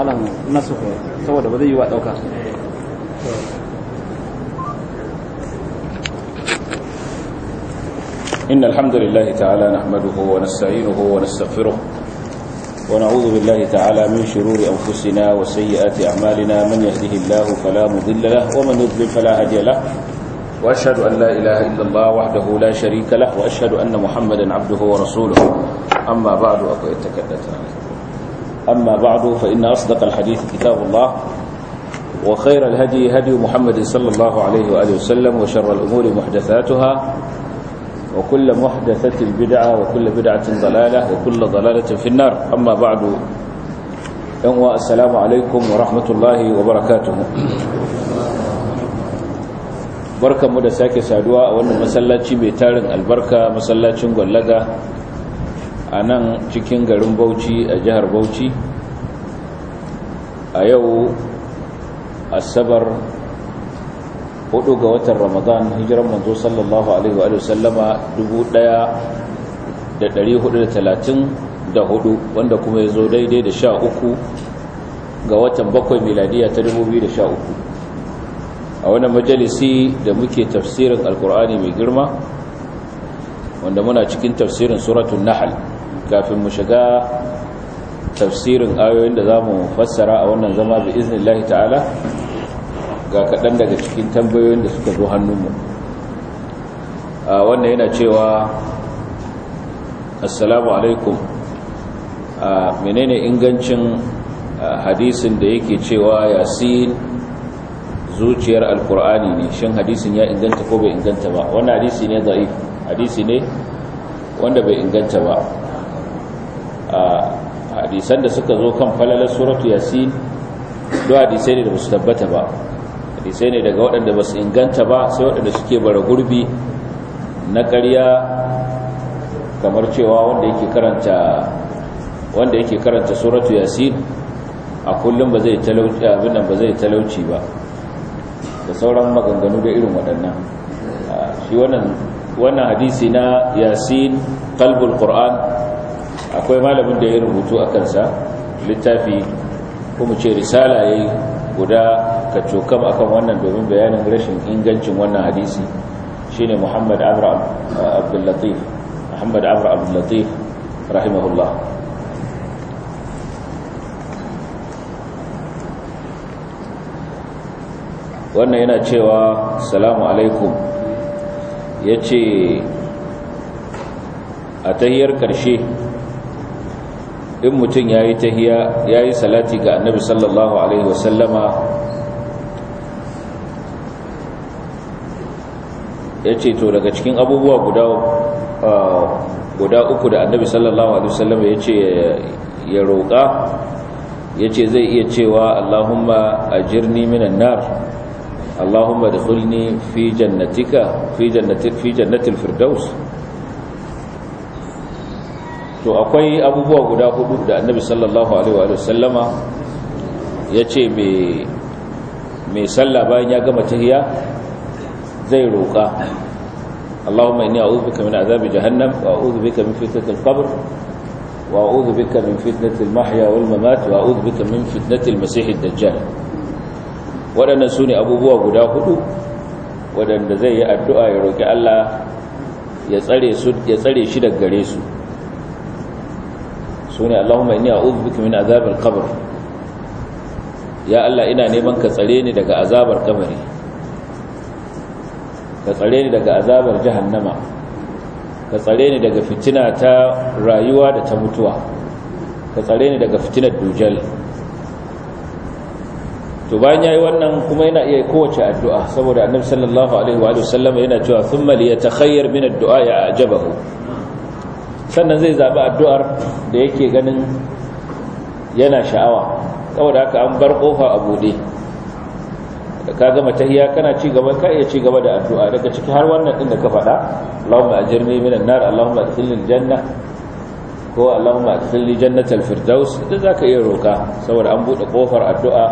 malam nasu saboda ba zai yi wa ɗauka إن الحمد لله تعالى نحمده ونستعينه ونستغفره ونعوذ بالله تعالى من شرور أنفسنا وسيئات أعمالنا من يهده الله فلا مضل له ومن يضلل فلا هادي له وأشهد أن لا إله إلا الله وحده لا شريك له وأشهد أن محمدا عبده ورسوله أما بعد أقول تكدتنا أما بعد فإن أصدق الحديث كتاب الله وخير الهدي هدي محمد صلى الله عليه وآله وسلم وشر الأمور محدثاتها وكل محدثة بدعة وكل بدعة ضلالة وكل ضلالة في النار أما بعد يوم السلام عليكم ورحمة الله وبركاته barkanmu da sake saduwa a wannan masallaci mai tarin albarka masallacin gwallaga a nan cikin garin bauchi a jihar bauchi a yau asabar 4 ga watan ramadan hijiran manzo sallallahu alaihi wa sallama 1434 wanda kuma ya zo daidai da 13 ga watan bakwai miladiya ta 2013 a wani majalisi da muke tafsirin alkur'ani mai girma wanda muna cikin tafsirin suratun nahal kafin mu shiga tafsirin ayoyin da za mu fassara a wannan zama bi iznillahi ta'ala ga kaɗan daga cikin tambayoyin da suka zo hannunmu a wannan yana cewa assalamu alaikum a menene ingancin hadisin da yake cewa yasin zuciyar alkur'ani ne shin hadisin ya inganta ko bai inganta ba wannan hadisi ne za'if hadisi ne wanda bai inganta ba hadisan da suka zo kan falalar suratu yasin do hadisai ne da basu tabbata ba hadisai ne daga waɗanda basu inganta ba sai waɗanda suke bara gurbi na ƙarya kamar cewa wanda yake karanta wanda yake karanta suratu yasin a kullum ba zai talauci abin nan ba zai talauci ba da sauran maganganu da irin waɗannan shi wannan wannan hadisi na yasin qalbul qur'an akwai malamin da ya rubutu a kansa littafi kuma ce risala yayi guda ka cokam akan wannan domin bayanin rashin ingancin wannan hadisi shine Muhammad Amr uh, Latif Muhammad rahimahullah wannan yana cewa salamu alaikum ce a tahiyar karshe in mutum ya yi tahiya ya yi salati ga annabi sallallahu alaihi wasallama ya ce to daga cikin abubuwa guda uku da annabi sallallahu alaihi wasallama ya ce ya roƙa ya ce zai iya cewa allahumma ajirni minan nar allahumma da fi jannatika fi jannatil firdaus to akwai abubuwa guda hudu da annabi sallallahu alaihi wa sallama ya ce mai sallah bayan ya gama tahiya zai roƙa Allahumma inni a'udhu bika min azabi jahannam wa a'udhu bika min fitnatil qabr wa a'udhu bika min fitnatil mahya wal mamat wa a'udhu bika min fitnatil masiihid dajjal waɗannan sune abubuwa guda hudu waɗanda zai yi addu'a ya roƙi Allah ya tsare su ya tsare shi daga gare su sune Allahumma inni a'udhu bika min azabil qabr ya Allah ina neman ka tsare ni daga azabar kabari ka tsare ni daga azabar jahannama ka tsare ni daga fitina ta rayuwa da ta mutuwa ka tsare ni daga fitinar dujal to bayan yayi wannan kuma yana iya kowace addu'a saboda annabi sallallahu alaihi wa sallam yana cewa thumma liyatakhayyar min ad-du'a ya ajabahu sannan zai zaɓi addu'ar da yake ganin yana sha'awa saboda haka an bar ƙofa a buɗe da ka gama tahiya kana ci gaba ka iya ci gaba da addu'a daga ciki har wannan ɗin da ka faɗa a jirgin minan nar Allahumma adkhilni janna ko Allahumma adkhilni jannatal firdaus da ka iya roka saboda an buɗe ƙofar addu'a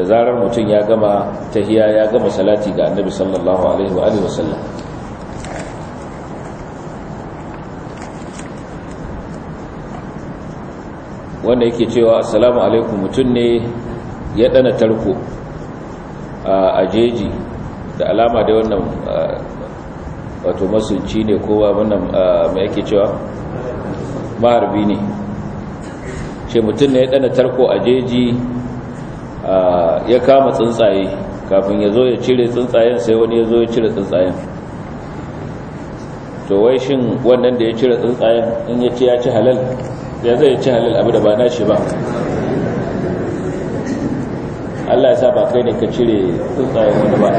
da zarar mutum ya gama tahiya ya gama salati ga Annabi sallallahu alaihi wa sallam wanda yake cewa assalamu alaikum mutum ne ya dana tarko a jeji da alama da wannan wato masunci ne kowa wannan mai yake cewa maharbi ne ce mutum ne ya dana tarko a jeji ya kama tsuntsaye kafin ya zo ya cire tsuntsayen sai wani ya zo ya cire tsuntsayen to wai shin wannan da ya cire tsuntsayen in ya ci ya ci halal ya zai ci halal abu da ba na shi ba Allah ya sa ba kai ne ka cire tsuntsayen wani ba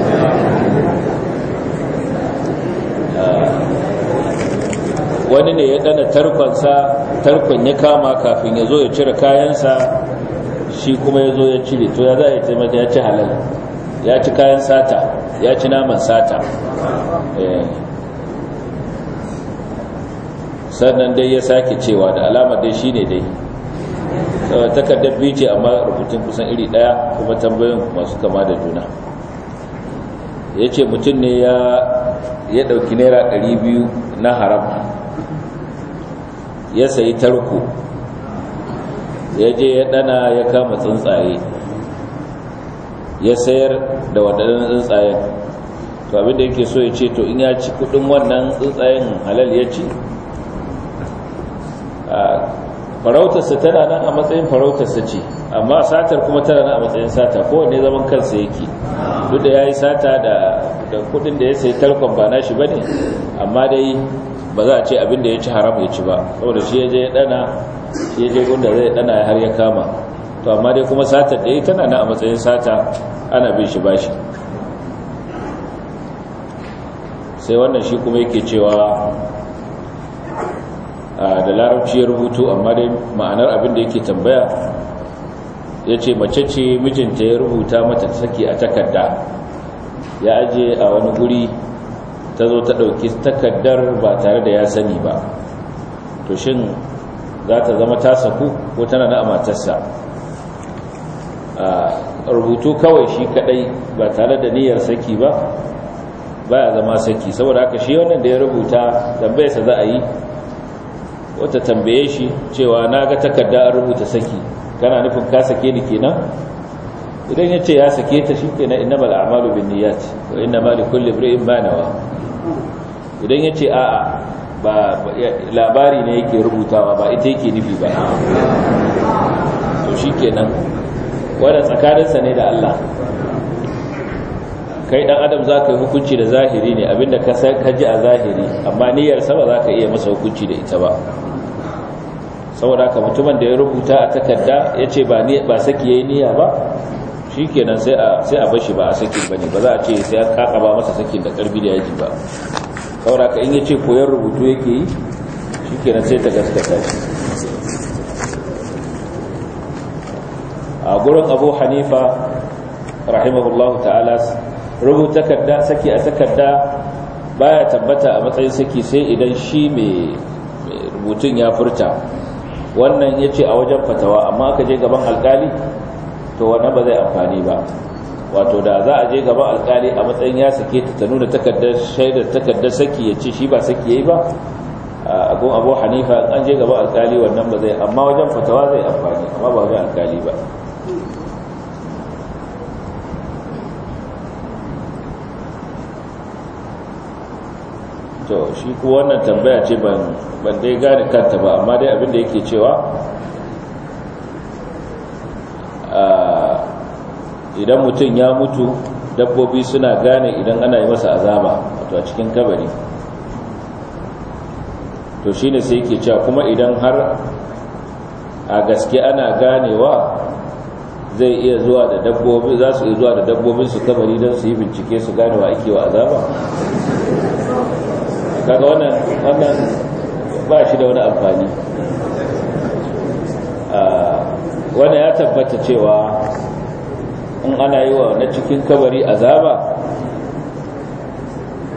ah, wani ne ya dana tarkonsa tarkon ya kama kafin ya zo ya cire kayansa shi kuma ya zo ya cire to ya za a yi taimaka ya ci halal ya ci kayan sata ya ci naman sata eh. sannan dai ya sake cewa da alama dai shine dai takardar biyu ce amma rubutun kusan iri daya kuma tambayin masu kama da juna ya ce mutum ne ya ɗauki naira biyu na haram ya sayi tarko ya je ya ɗana ya kama tsuntsaye ya sayar da waɗannan tsuntsayen to abinda yake so ya ce to in ya ci kudin wannan tsuntsayen halal ya ci farautarsa tana nan a matsayin farautarsa ce amma satar kuma tana nan a matsayin sata kowane zaman kansa yake duk da ya yi sata da kudin da ya sayi tarkon ba nashi ba ne amma dai ba za a ce abin da ya ci haram ya ci ba saboda shi ya je ya dana shi ya je gunda zai dana har ya kama to amma dai kuma satar da ya tana nan a matsayin sata ana bin shi bashi sai wannan shi kuma yake cewa da larabci ya rubutu amma dai ma'anar abin da yake tambaya ya ce mace ce mijinta ya rubuta mata saki a takarda ya aje a wani guri ta zo ta ɗauki takardar ba tare da ya sani ba to shin za ta zama ta saku ko tana na amatarsa a rubutu kawai shi kadai ba tare da niyyar saki ba ba ya zama saki saboda haka shi wannan da ya rubuta tambayarsa za a yi wata tambaye shi cewa na ga takarda an rubuta saki kana nufin ka sake ni kenan idan ya ce ya sake ta shi kenan innamal a'malu bin niyyat wa innamal likulli imrin ma nawa idan ya ce a'a ba labari ne yake rubutawa ba ita yake nufi ba to shi kenan wanda tsakaninsa ne da Allah kai dan adam za ka yi hukunci da zahiri ne abinda ka ka ji a zahiri amma sa ba za ka iya masa hukunci da ita ba saboda ka mutumin da ya rubuta a takarda ya ce ba saki ya yi niyya ba sai a sai a bashi ba a saki ba ne ba za a ce sai an kaba ba masa saki da karbi da yaji ba saboda ka in ya ce koyar rubutu yake yi shikenan sai ta gaskata shi a gurin abu hanifa rahimahullahu ta'ala rubuta takarda saki a takarda baya tabbata a matsayin saki sai idan shi mai rubutun ya furta wannan ya ce a wajen fatawa amma aka je gaban alkali to wannan ba zai amfani ba wato da za a je gaban alkali a matsayin ya sake ta ta nuna takardar shaidar takardar saki ya ce shi ba saki ya yi ba abu abu hanifa an je gaban alkali wannan ba zai amma wajen fatawa zai amfani amma ba wajen alkali ba to shi ko wannan tambaya ce ban dai gane kanta ba amma dai abin da yake cewa idan mutum ya mutu dabbobi suna gane idan ana yi masa azaba wato a cikin kabari to shine sai yake cewa kuma idan har a gaske ana ganewa zai iya zuwa da dabbobi za su iya zuwa da dabbobin su kabari don su yi bincike su gane wa ake wa azaba kaga wannan wannan ba shi da wani amfani ah, wannan ya tabbata cewa in ana yi wa na cikin kabari azaba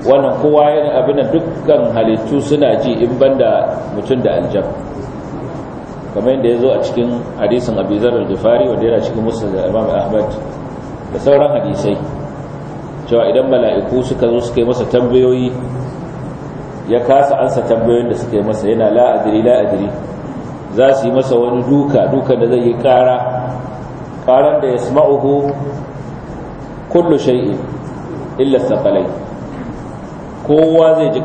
wannan kowa yana abin da dukkan halittu suna ji in banda mutum da aljab kamar yadda ya zo a cikin hadisin abizar al-gifari wanda yana cikin musul da imam ahmad da sauran hadisai cewa idan mala'iku suka zo suka yi masa tambayoyi ya kasa ansa tambayoyin da suka yi masa yana la adri la za su yi masa wani duka duka da zai yi kara karan da uku kullu shay'in illa thaqalain kowa zai ji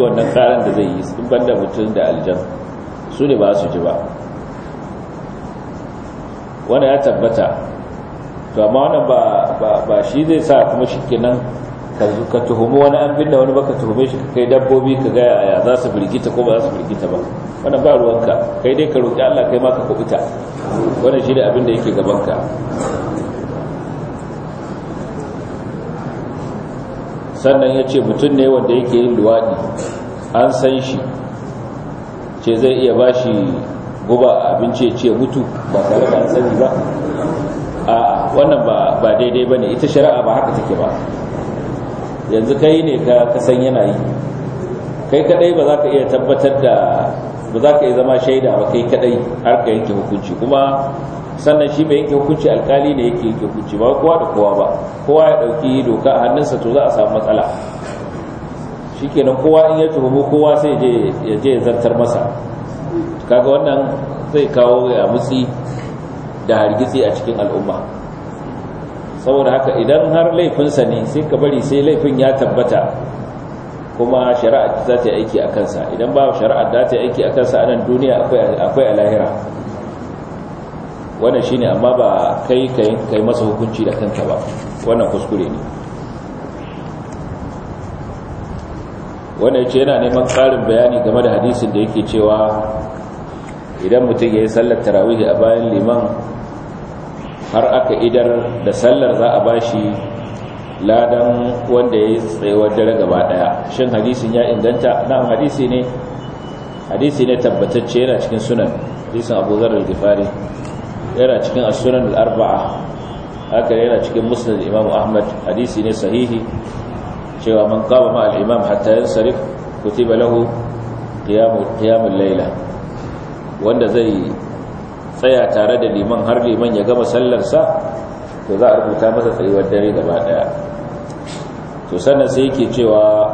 wannan karan da zai yi sun banda mutum da aljan su ne ba su ji ba wannan ya tabbata to amma wannan ba shi zai sa kuma shikenan ka ka tuhumi wani an binne wani baka tuhume shi kai dabbobi ka ga ya za su birgita ko ba za su birgita ba wannan ba ruwanka kai dai ka roki Allah kai ma ka kubuta wannan shi ne abin da yake gaban ka sannan ya ce mutum ne wanda yake yin luwadi an san shi ce zai iya ba shi guba abinci ce mutu ba tare da an sani ba a wannan ba daidai ba ne ita shari'a ba haka take ba yanzu kai ne ka san yana yi kai kadai ba za ka iya tabbatar da ba za ka iya zama shaida ba kai kadai har ka yanke hukunci kuma sannan shi mai yanke hukunci alkali ne yake yanke hukunci ba kowa da kowa ba kowa ya dauki doka a hannunsa to za a samu matsala shikenan kowa in ya tuhumu kowa sai ya je ya zartar masa kaga wannan zai kawo ya mutsi da hargitsi a cikin al'umma saboda haka idan har laifinsa ne sai ka bari sai laifin ya tabbata kuma shari'a za ta yi aiki a kansa idan ba shari'a za ta yi aiki a kansa a duniya akwai a lahira wannan shine amma ba kai kai masa hukunci da kanka ba wannan kuskure ne wannan yace yana neman ƙarin bayani game da hadisin da yake cewa idan mutum ya yi sallar tarawih a bayan liman har aka idar da sallar za a bashi ladan wanda ya yi tsayuwar dare gaba daya shin hadisin ya inganta na hadisi ne hadisi ne tabbatacce yana cikin sunan hadisin abu al gifari yana cikin asunan arbaa haka yana cikin musnad imam ahmad hadisi ne sahihi cewa man kama ma al-imam hatta yansarif sarif kutiba lahu qiyamul laila wanda zai tsaya tare da liman har liman ya gama sallarsa to za a rubuta masa tsayuwar dare gaba daya to sannan sai yake cewa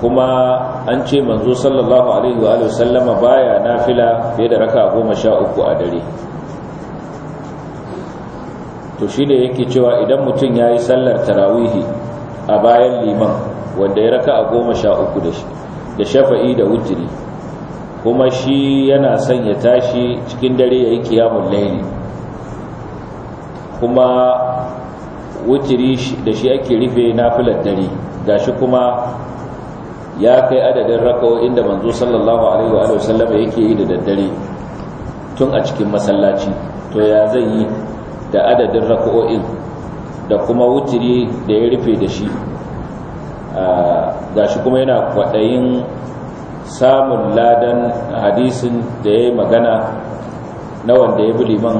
kuma an ce manzo sallallahu alaihi wa sallama baya nafila fiye da raka goma sha uku a dare to shi ne yake cewa idan mutum ya yi sallar tarawihi a bayan liman wanda ya raka a goma sha uku da shafa'i da wutiri kuma shi yana son ya tashi cikin dare ya yi kiyamun laini kuma wutiri da shi ake rufe na filar dare ga shi kuma ya kai adadin rakawo inda manzo sallallahu alaihi wa sallama yake yi da daddare tun a cikin masallaci to ya zai yi da adadin raka'o'in da kuma wutiri da ya rufe da shi ah, ga shi kuma yana kwaɗayin samun ladan hadisin da ya yi magana na wanda ya bi liman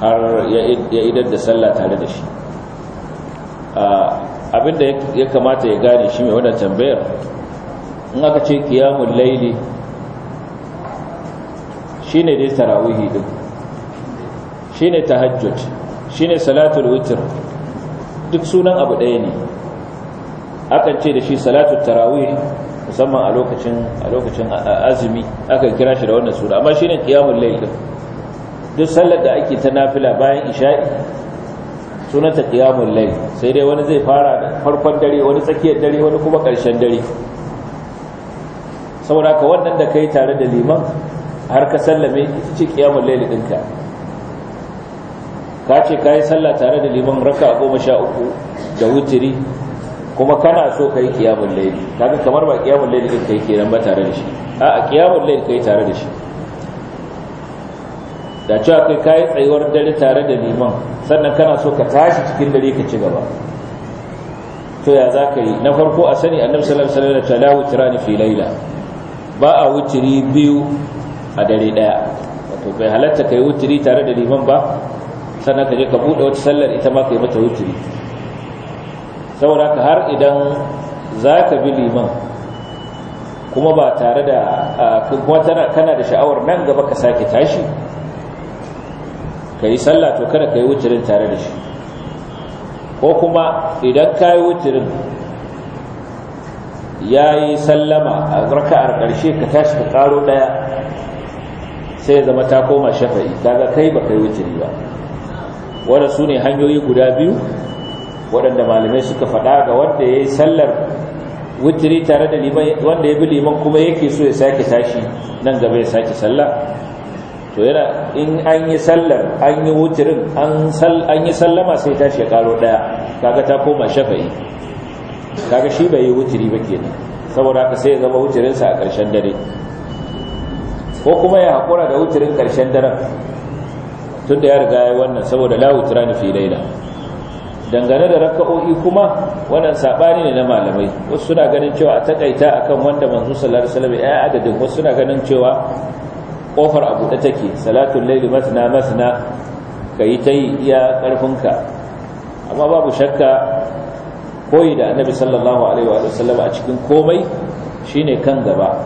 har ya idar da sallah tare da shi abinda ya kamata ya gane shi mai wadda tambayar in aka ce kiyamun laili shi ne dai tarawihi din shi ne tahajjud shi ne salatul witir duk sunan abu ɗaya ne akan ce da shi salatul tarawih musamman a lokacin a lokacin azumi aka kira shi da wannan suna amma shine qiyamul layl duk sallar da ake ta nafila bayan isha'i sunanta qiyamul layl sai dai wani zai fara da farkon dare wani tsakiyar dare wani kuma ƙarshen dare saboda ka wannan da kai tare da liman har ka sallame ita ce qiyamul layl ɗinka ka ce ka yi sallah tare da liman raka goma sha uku da wutiri kuma kana so kai qiyamul layl kaga kamar ba qiyamul layl din kai kiran ba tare da shi a a qiyamul layl kai tare da shi da cewa kai kai tsayuwar dare tare da liman sannan kana so ka tashi cikin dare ka ci gaba to ya za ka yi na farko a sani annabi sallallahu alaihi wasallam la tirani fi layla ba a wuturi biyu a dare daya wato bai halatta kai wuturi tare da liman ba sannan ka je ka bude wata sallar ita ma kai mata wuturi. saboda ka har idan za ka bi liman kuma ba tare da kuma kana da sha'awar nan gaba ka sake tashi ka yi sallah to kada ka yi wucirin tare da shi ko kuma idan ka yi wucirin ya yi sallama a raka'ar ƙarshe ka tashi ka ƙaro ɗaya sai ya zama ta koma shafa'i daga kai ba kai wucirin ba wanda su ne hanyoyi guda biyu waɗanda malamai suka faɗa ga wanda ya yi sallar wutiri tare da liman wanda ya bi liman kuma yake so ya sake tashi nan gaba ya sake sallah to yana in an yi sallar an yi wutirin an yi sallama sai tashi ya karo ɗaya kaga ta koma shafa'i kaga shi bai yi wutiri ba ke saboda haka sai ya zama wutirinsa a ƙarshen dare ko kuma ya haƙura da wutirin ƙarshen daren tun da ya riga ya wannan saboda la wutura ni fi laila dangane da raka'o'i kuma wannan sabani ne na malamai wasu suna ganin cewa a takaita akan wanda manzo sallallahu alaihi wasallam ya adadin wasu suna ganin cewa kofar abu da take salatul layli masna masna kai tai iya karfinka amma babu shakka koyi da annabi sallallahu alaihi wasallam a cikin komai shine kan gaba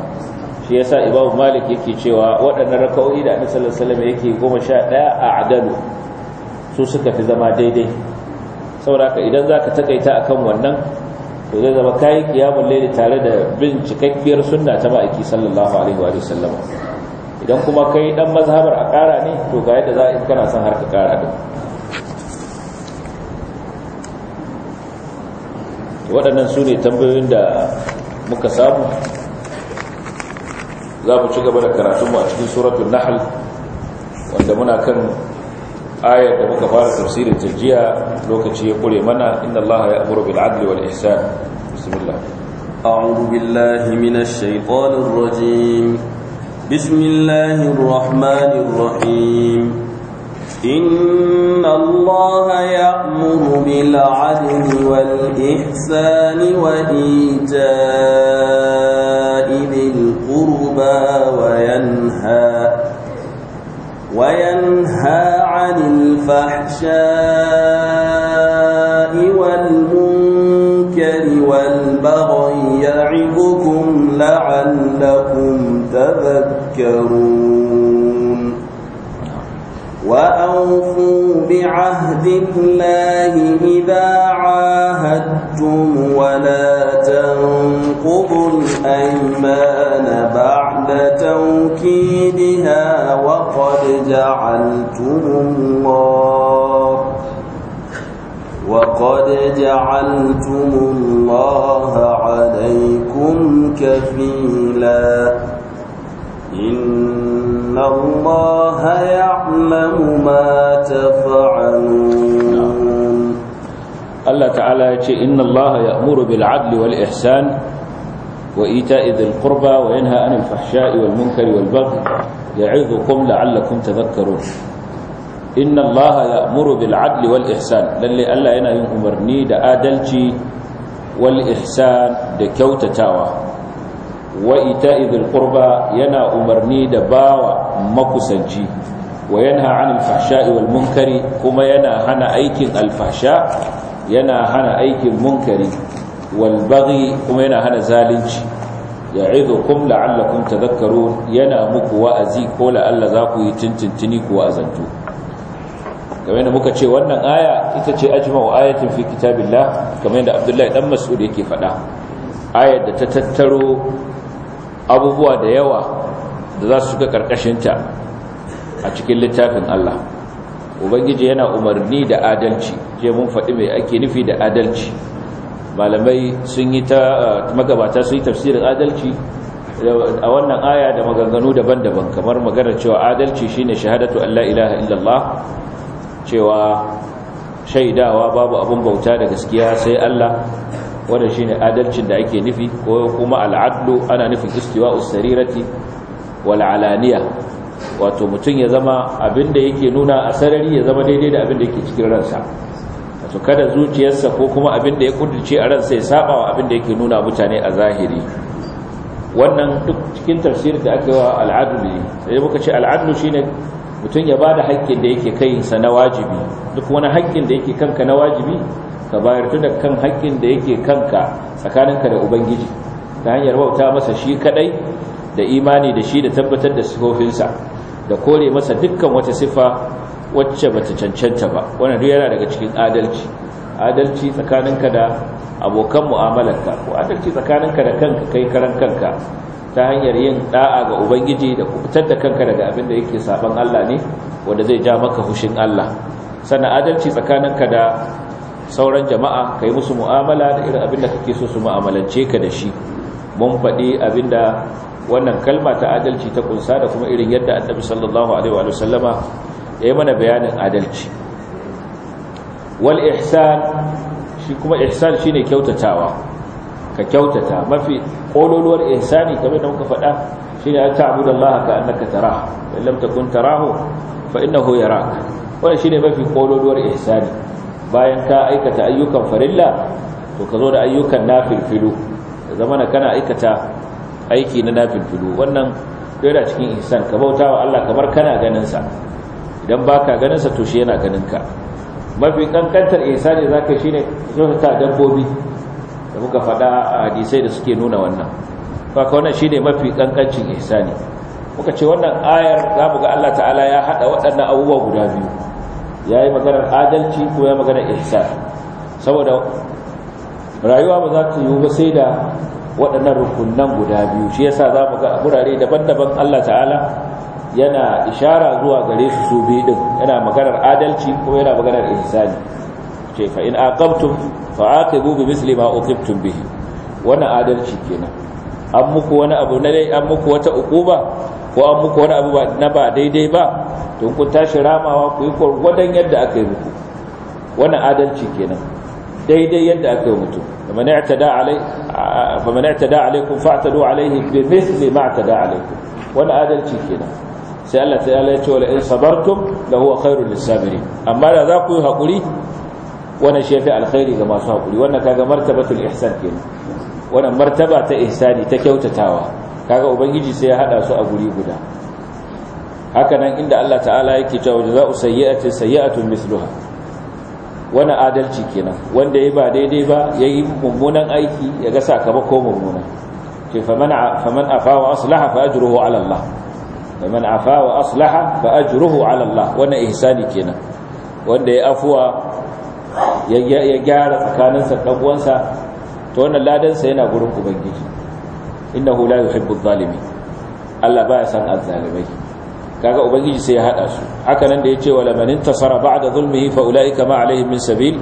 shi yasa imamu malik yake cewa waɗannan raka'o'i da annabi sallallahu alaihi wasallam yake 11 a adalu su suka fi zama daidai saboda idan za ka takaita a kan wannan to zai zama kayi kiyamun laili tare da bin cikakkiyar sunna ta ma'aiki sallallahu alaihi wa sallama idan kuma kai dan mazhabar a kara ne to ga yadda za a yi kana son har ka kara. din waɗannan su ne tambayoyin da muka samu za mu ci gaba da karatunmu a cikin suratun nahal wanda muna kan ayar da muka fara tafsirin jiya lokaci ya kure mana inna allaha ya'muru bil adli wal ihsan bismillah a'udhu billahi minash shaitanir rajim bismillahir rahmanir rahim inna allaha ya'muru bil adli wal ihsani wa ita'i dhil qurba wa yanha وينهى عن الفحشاء والمنكر والبغي يعظكم لعلكم تذكرون وأوفوا بعهد الله إذا عاهدتم ولا تنقضوا الأيمان بعد توكيدها وقد جعلتم الله وقد جعلتم الله عليكم كفيلا إن إن الله يعلم ما تفعلون الله تعالى يقول إن الله يأمر بالعدل والإحسان وإيتاء ذي القربى وينهى عن الفحشاء والمنكر والبغي يعظكم لعلكم تذكرون إن الله يأمر بالعدل والإحسان للي ألا ينهى أمرني دا آدلتي والإحسان دا كوتتاوى wa ita'i dhil yana umarni da bawa makusanci wa yanha 'anil fahsha'i wal munkari kuma yana hana aikin alfasha yana hana aikin munkari wal baghi kuma yana hana zalunci ya'idukum la'allakum tadhakkarun yana muku wa'azi ko la'alla za ku yi tintintini ku wa'azantu kamar yadda muka ce wannan aya ita ce ajma'u ayatin fi kitabillah kamar yadda Abdullahi dan Mas'ud yake faɗa ayar da ta tattaro abubuwa da yawa da za su ga karkashinta a cikin littafin Allah ubangiji yana umarni da adalci je mun faɗi mai ake nufi da adalci malamai sun yi ta magabata sun yi tafsirin adalci a wannan aya da maganganu daban-daban kamar magana cewa adalci shine shahadatu Allah ilaha illallah cewa shaidawa babu abun bauta da gaskiya sai Allah wannan ne adalcin da ake nufi ko kuma al'adlu ana nufin istiwa'us sarirati wal alaniya wato mutum ya zama abinda yake nuna a sarari ya zama daidai da abinda yake cikin ransa wato kada zuciyarsa ko kuma abinda ya kudurce a ransa ya saba wa abinda yake nuna mutane a zahiri wannan duk cikin tafsir da aka yi wa al'adlu ne sai muka ce al'adlu shine mutum ya ba da haƙƙin da yake kayinsa na wajibi duk wani haƙƙin da yake kanka na wajibi ka bayar tun da kan haƙƙin da yake kanka tsakaninka da ubangiji ta hanyar bauta masa shi kadai da imani da shi da tabbatar da sifofinsa da kore masa dukkan wata sifa wacce bata cancanta ba wannan duk yana daga cikin adalci adalci tsakaninka da abokan mu'amalarka ko adalci tsakaninka da kanka kai karan kanka ta hanyar yin da'a ga ubangiji da kubutar da kanka daga abin da yake saban Allah ne wanda zai ja maka hushin Allah sannan adalci tsakaninka da sauran jama'a kai musu mu'amala da irin abin da kake so su mu'amalance ka da shi mun faɗi abin da wannan kalma ta adalci ta kunsa da kuma irin yadda annabi sallallahu alaihi wa sallama ya yi mana bayanin adalci wal ihsan shi kuma ihsan shine kyautatawa ka kyautata mafi kololuwar ihsani kamar da muka faɗa shine an ta'budu Allah ka annaka tarahu in lam takun tarahu fa innahu yarak wannan shine mafi kololuwar ihsani bayan ka aikata ayyukan farilla to ka zo da ayyukan nafilfilu zamana kana aikata aiki na nafilfilu wannan yana cikin ihsan ka bautawa Allah kamar kana ganin sa idan baka ganin sa to shi yana ganin ka mafi kankantar ihsani zaka shine zo ka dabbobi da muka faɗa a hadisai da suke nuna wannan kaka wannan shine mafi kankancin ihsani muka ce wannan ayar za mu ga Allah ta'ala ya haɗa waɗannan abubuwa guda biyu ya yi maganar adalci ko ya maganar ihsan saboda rayuwa ba za ta yiwu ba sai da waɗannan rukunan guda biyu shi yasa za mu ga gurare daban-daban Allah ta'ala yana ishara zuwa gare su su biyu din yana maganar adalci ko yana maganar ihsani ce fa in aqamtum fa aqibu bi misli ma uqibtum bihi wannan adalci kenan an muku wani abu na dai an muku wata ukuba ko an muku wani abu na ba daidai ba to ku tashi ramawa ku yi gwargwadon yadda aka yi muku wannan adalci kenan daidai yadda aka yi mutum faman i'tada alai faman i'tada alaikum fa'tadu alaihi bi mithli ma i'tada alaikum wannan adalci kenan sai Allah ta ya ce wala in sabartum la huwa khairul lisabirin amma da za ku yi hakuri wannan shi yafi alkhairi ga masu hakuri wannan kaga martabatul ihsan kenan wannan martaba ta ihsani ta kyautatawa kaga ubangiji sai ya hada su a guri guda haka nan inda Allah ta'ala yake cewa jazaa'u sayyi'atin sayyi'atun misluha wannan adalci kenan wanda yayi ba daidai ba yayi mummunan aiki ya ga sakamako mummuna ce faman faman afa wa aslaha fa ajruhu ala Allah faman afa wa aslaha fa ajruhu ala Allah wannan ihsani kenan wanda ya afuwa ya gyara tsakaninsa dan uwansa to wannan ladansa yana gurin ubangiji innahu la yuhibbu adh Allah baya san azzalimai kaga ubangiji sai ya haɗa su haka nan da wa lamanin tasara intasara ba'da zulmihi fa ulaika ma alaihim min sabil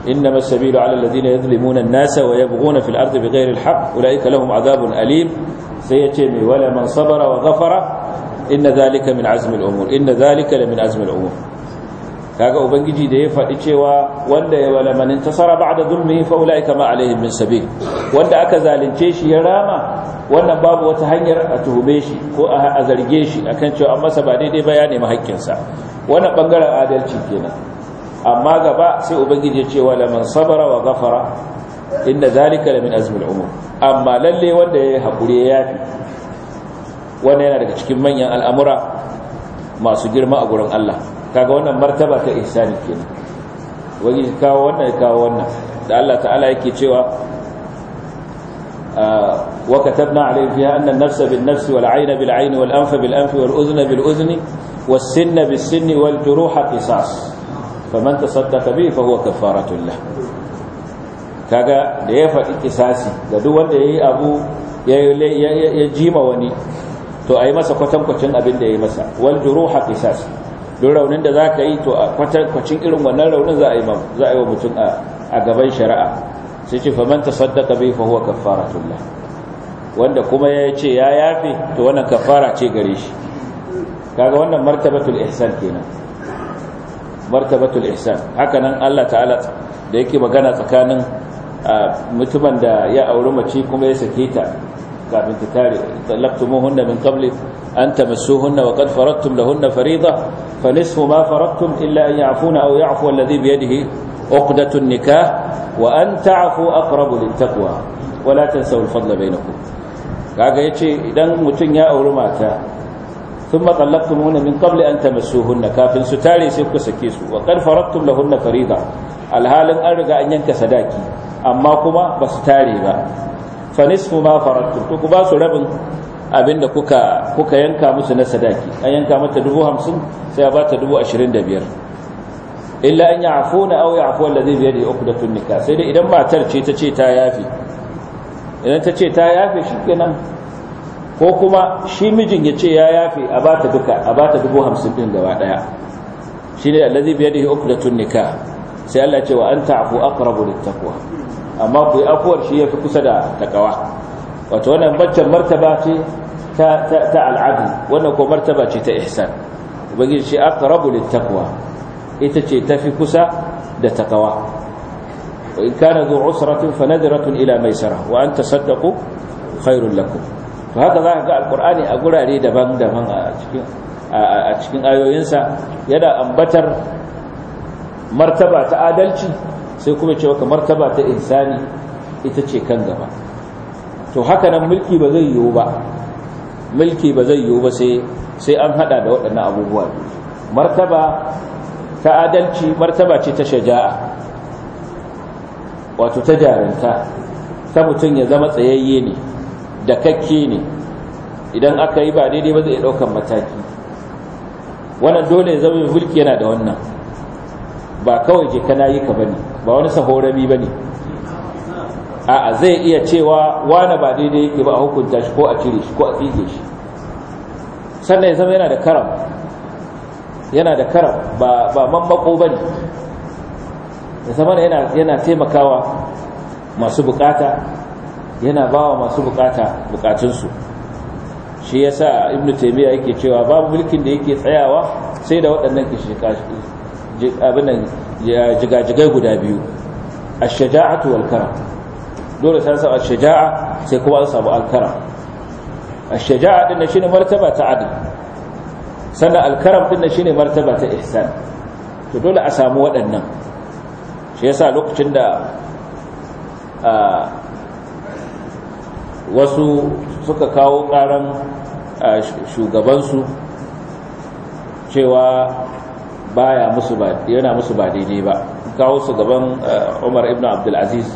إنما السبيل على الذين يظلمون الناس ويبغون في الأرض بغير الحق أولئك لهم عذاب أليم سيتمي ولا من صبر وغفر إن ذلك من عزم الأمور إن ذلك لمن عزم umur. kaga ubangiji da ya faɗi cewa wanda ya wala manin tasara ba'da zulmihi fa ulaika ma alaihim min sabil wanda aka zalunce shi ya rama wannan babu wata hanyar a tuhume shi ko a zarge shi akan cewa an masa ba daidai ba ya nemi haƙƙinsa wannan bangaren adalci kenan amma gaba sai ubangiji ya ce wala man sabara wa ghafara inda zalika la min azmil umur amma lalle wanda ya hakuri ya yafi wannan yana daga cikin manyan al'amura masu girma a gurin Allah kaga wannan martaba ta ihsani kenan wani ya kawo wannan ya kawo wannan da Allah ta'ala yake cewa ah, wa katabna alayhi fiha anna an-nafsa bin-nafsi wal-'ayna bil-'ayni wal-anfa bil-anfi wal-udhna bil-udhni was-sinna bis-sinni wal-juruha qisas faman tasaddaqa bihi fa huwa kafaratu lah kaga da ya faɗi kisasi ga duk wanda yayi abu ya jima wani to ayi masa kwatankwacin abin da yayi masa wal juruha qisas don raunin da za ka yi to a kwacin irin wannan raunin za a yi wa mutum a gaban shari'a sai ce faman ta saddaka bai fa huwa kafaratullah wanda kuma ya ce ya yafe to wannan kafara ce gare shi kaga wannan martabatul ihsan kenan martabatul ihsan haka nan Allah ta'ala da yake magana tsakanin mutumin da ya auri mace kuma ya sake ta kafin ta tare talaqtumuhunna min qabli أن تمسوهن وقد فرضتم لهن فريضة فنصف ما فرضتم إلا أن يعفون أو يعفو الذي بيده عقدة النكاح وأن تعفوا أقرب للتقوى ولا تنسوا الفضل بينكم kaga yace idan mutum ya auri mata thumma talaqtumuhunna min qabli an tamassuhunna kafin su tare sai ku sake su wa qad faradtum lahunna farida alhalin an riga an yanka sadaki amma kuma basu tare ba ku ba su rabin abinda kuka kuka yanka musu na sadaki an yanka mata dubu hamsin sai a bata dubu ashirin da biyar illa an ya'funa na yafu alladhi bi yadihi uqdatun nikah sai dai idan matar ce ta ce ta yafi idan ta ce ta yafe shikenan ko kuma shi mijin ya ce ya yafe a bata duka a bata dubu hamsin din gaba daya shine alladhi bi yadihi uqdatun nikah sai Allah ce wa anta afu aqrabu littaqwa amma ku yi afuwar shi yafi kusa da takawa wato wannan baccan martaba ce ta ta al'adu wannan ko martaba ce ta ihsan ubangiji ce aqrabu littaqwa ita ce tafi kusa da takawa wa in kana zu usratin fa nadratun ila maisara wa an tasaddaqu khairul lakum to haka zaka ga alqur'ani a gurare daban-daban a cikin a cikin ayoyinsa yana ambatar martaba ta adalci sai kuma cewa ka martaba ta insani ita ce kan gaba to haka nan mulki ba zai yiwu ba Milki ba zai yiwu ba sai an hada da waɗannan abubuwa martaba ta adalci martaba ce ta shaja'a wato ta jarinta ta mutum ya zama tsayayye ne da kakke ne idan aka yi ba daidai ba zai ɗaukan mataki wannan dole ya zama mai mulki yana da wannan ba kawai je kana yi ka bane ba wani sahorami bane a'a zai iya cewa wani ba daidai yake ba a hukunta shi ko a cire shi ko a tsige shi sannan ya zama yana da karam yana da karam ba ba ne, ya zama yana taimakawa masu bukata yana bawa masu bukata bukatunsu shi ya yasa ibnu taimiyya yake cewa babu mulkin da yake tsayawa sai da waɗannan kishika abin jigajigai guda biyu a shajaatu wal karam dole sai samu shaja'a sai kuma an samu alkaram shaja'a din shine martaba ta adl sannan alkaram din shine martaba ta ihsan to dole a samu waɗannan shi yasa lokacin da wasu suka kawo ƙaran shugabansu cewa baya musu ba yana musu ba daidai ba kawo su gaban Umar ibn Abdul Aziz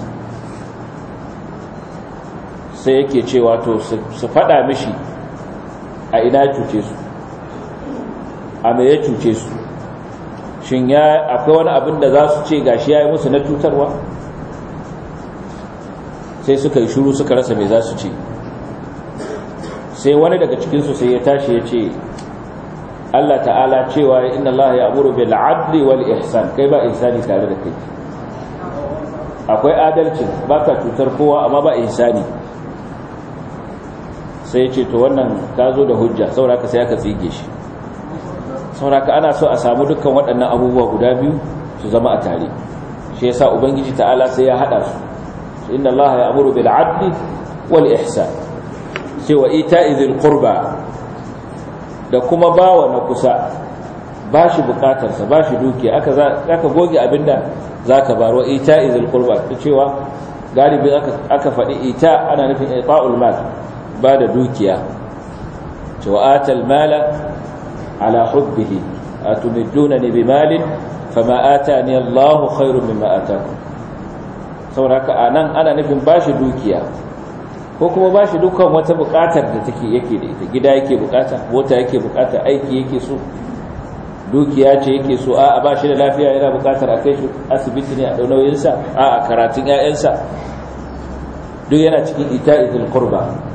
sai yake cewa to su faɗa mishi a ina cuce su a me ya cuce su shin ya akwai wani abin da za su ce gashi ya yi musu na cutarwa sai suka yi shuru suka rasa mai za su ce sai wani daga cikinsu sai ya tashi ya ce Allah ta'ala cewa inna Allah ya amuru bil adli wal ihsan kai ba ihsani tare da kai akwai adalcin baka cutar kowa amma ba ihsani sai ya ce to wannan ka zo da hujja sauraka sai aka tsige shi sauraka ana so a samu dukkan waɗannan abubuwa guda biyu su zama a tare shi yasa ubangiji ta'ala sai ya haɗa su inna ya amuru bil abdi wal ihsan sai wa ita dhil qurba da kuma bawa na kusa ba sa bukatarsa shi dukiya aka aka goge abinda zaka baro ita ita'i qurba cewa galibi aka aka fadi ita ana nufin ita'ul mal ba da dukiya cewa atal mala ala hubbihi atumidunani bi malin fama atani Allahu khairu mimma atakum saboda haka anan ana nufin shi dukiya ko kuma shi dukkan wata bukatar da take yake da ita gida yake bukata mota yake bukata aiki yake so dukiya ce yake so a ba shi da lafiya yana bukatar a kai shi asibiti ne a ɗau nauyinsa a karatun 'ya'yansa duk yana cikin izin qurba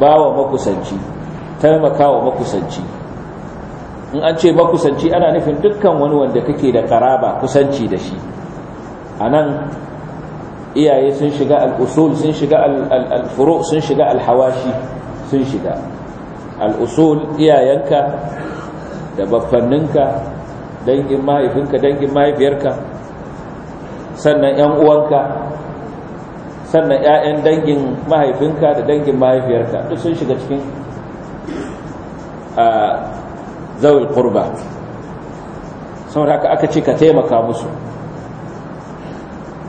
bawa makusanci taimakawa makusanci in an ce makusanci ana nufin dukkan wani wanda kake da karaba kusanci da shi a nan iyaye sun shiga al'usul sun shiga al'furo sun shiga alhawashi sun shiga al'usul iyayenka da baffanninka dangin mahaifinka dangin mahaifiyarka sannan 'yan uwanka sannan 'ya'yan dangin mahaifinka da dangin mahaifiyarka duk sun shiga cikin a zawil qurba saboda haka aka ce ka taimaka musu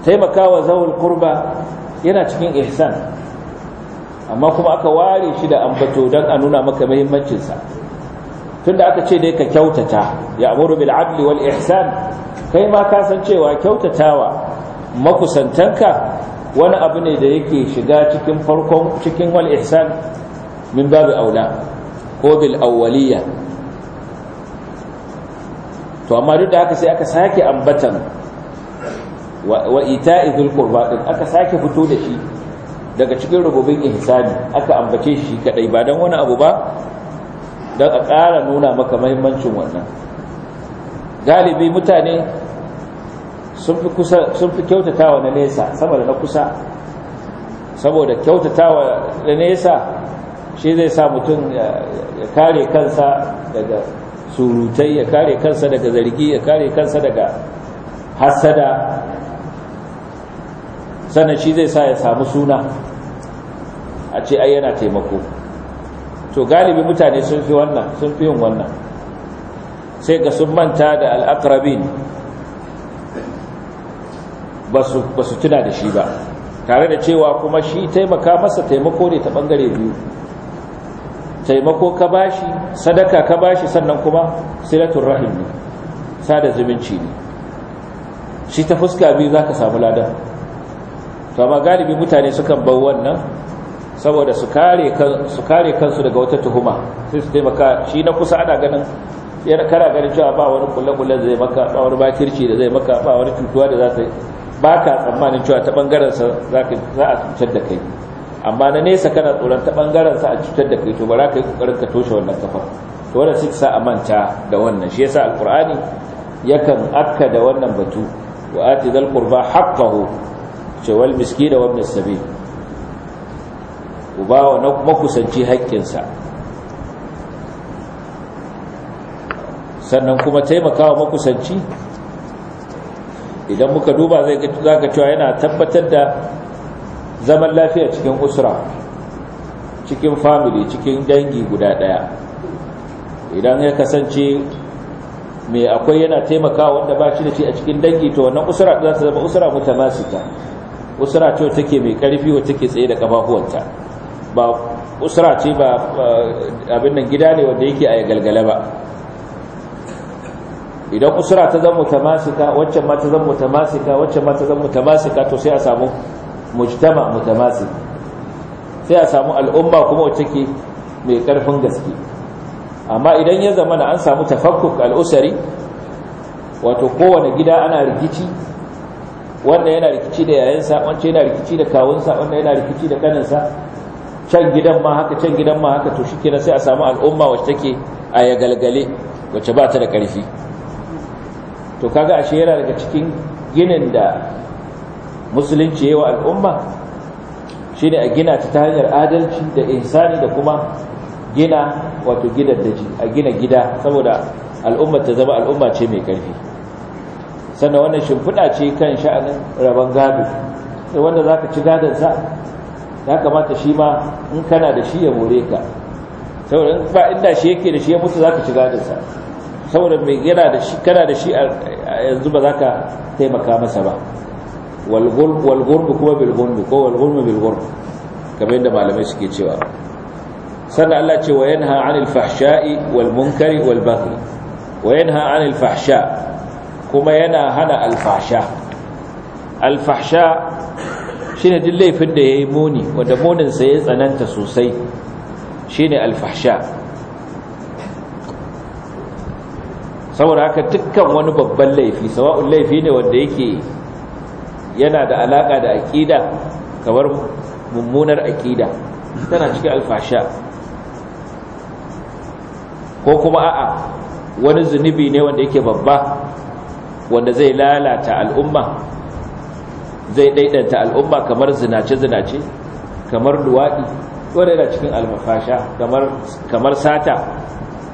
taimakawa zawil qurba yana cikin ihsan amma kuma aka ware shi da ambato don a nuna maka muhimmancinsa tunda aka ce dai ka kyautata ya amuru bil adli wal ihsan kai ma ka san cewa kyautatawa makusantanka wani abu ne da yake shiga cikin farkon cikin wal ihsan min babu aula ko bil awwaliya to amma duk da haka sai aka sake ambatan wa ita'i qurba din aka sake fito da shi daga cikin rububin ihsani aka ambace shi kadai ba dan wani abu ba dan a ƙara nuna maka muhimmancin wannan galibi mutane sun fi kyautatawa na nesa saboda na kusa saboda kyautatawa na nesa shi zai sa mutum ya kare kansa daga surutai ya kare kansa daga zargi ya kare kansa daga hasada sannan shi zai sa ya samu suna a ce ai yana taimako to galibi mutane sun fi wannan sun fi yin wannan sai ga sun manta da al'akrabin ba su tuna da shi ba tare da cewa kuma shi taimaka masa taimako ne ta bangare biyu taimako ka bashi sadaka ka bashi sannan kuma silatul rahim ne sada zumunci ne shi ta fuska biyu za ka samu ladar to amma galibi mutane sukan bar wannan saboda su kare kansu daga wata tuhuma sai su taimaka shi na kusa ana ganin yana kara ganin cewa ba wani da zai maka ba wani bakirci da zai maka ba wani cutuwa da za ta yi ba ka tsammanin cewa ta ɓangarensa za a cutar da kai amma na nesa kana tsoron ta ɓangarensa a cutar da kai to ba za ka yi ƙoƙarin ka toshe wannan kafar to wannan sai sa a manta da wannan shi yasa alƙur'ani yakan akka da wannan batu wa ati zal qurba haqqahu ce wal miskina wa ibn sabil uba wa makusanci haƙƙinsa sannan kuma taimakawa makusanci idan muka duba zai ga cewa yana tabbatar da zaman lafiya cikin usra cikin family cikin dangi guda ɗaya idan ya kasance mai akwai yana taimakawa wanda ba shi da shi a cikin dangi to wannan usra za ta zama usra mutamasita usra ce take mai karfi wacce take tsaye da kafafuwanta ba usra ce ba abin nan gida ne wanda yake a galgala ba idan usura ta zama mutamasika waccan ma ta zama mutamasika waccan ma ta zama mutamasika to sai a samu mujtama mutamasik sai a samu al'umma kuma wacce ke mai karfin gaske amma idan ya zama an samu tafakkuk al'usari wato kowane gida ana rikici wanda yana rikici da yayansa wacce yana rikici da kawunsa wanda yana rikici da kaninsa can gidan ma haka can gidan ma haka to shikenan sai a samu al'umma wacce take a yagalgale wacce ba ta da ƙarfi to kaga ashe yana daga cikin ginin da musulunci wa al'umma shi ne a gina ta hanyar adalci da insani da kuma gina wato gidan daji a gina gida saboda al'ummar ta zama al'umma ce mai ƙarfi sannan wannan shimfiɗa ce kan sha'anin rabon gado sai wanda za ka ci gadonsa ya kamata shi ma in kana da shi ya more ka saboda ba inda shi yake da shi ya mutu za ka ci gadonsa saboda mai yana da shi kana da shi yanzu ba za ka taimaka masa ba walgurbu kuma bilgurbu ko walgurbu bilgurbu kamar yadda malamai suke cewa sannan Allah ce wa yanha anil fahsha'i wal munkari wal baghi wa yanha anil fahsha kuma yana hana alfahsha. Alfahsha al fahsha shine duk laifin da yayi muni wanda munin sa ya tsananta sosai shine al fahsha saboda haka dukkan wani babban laifi sawa'un laifi ne wanda yake yana da alaka da aqida kamar mummunar aqida tana cikin alfasha ko kuma a'a wani zunubi ne wanda yake babba wanda zai lalata al'umma zai daidaita al'umma kamar zinace-zinace kamar luwaɗi wanda yana cikin alfasha kamar sata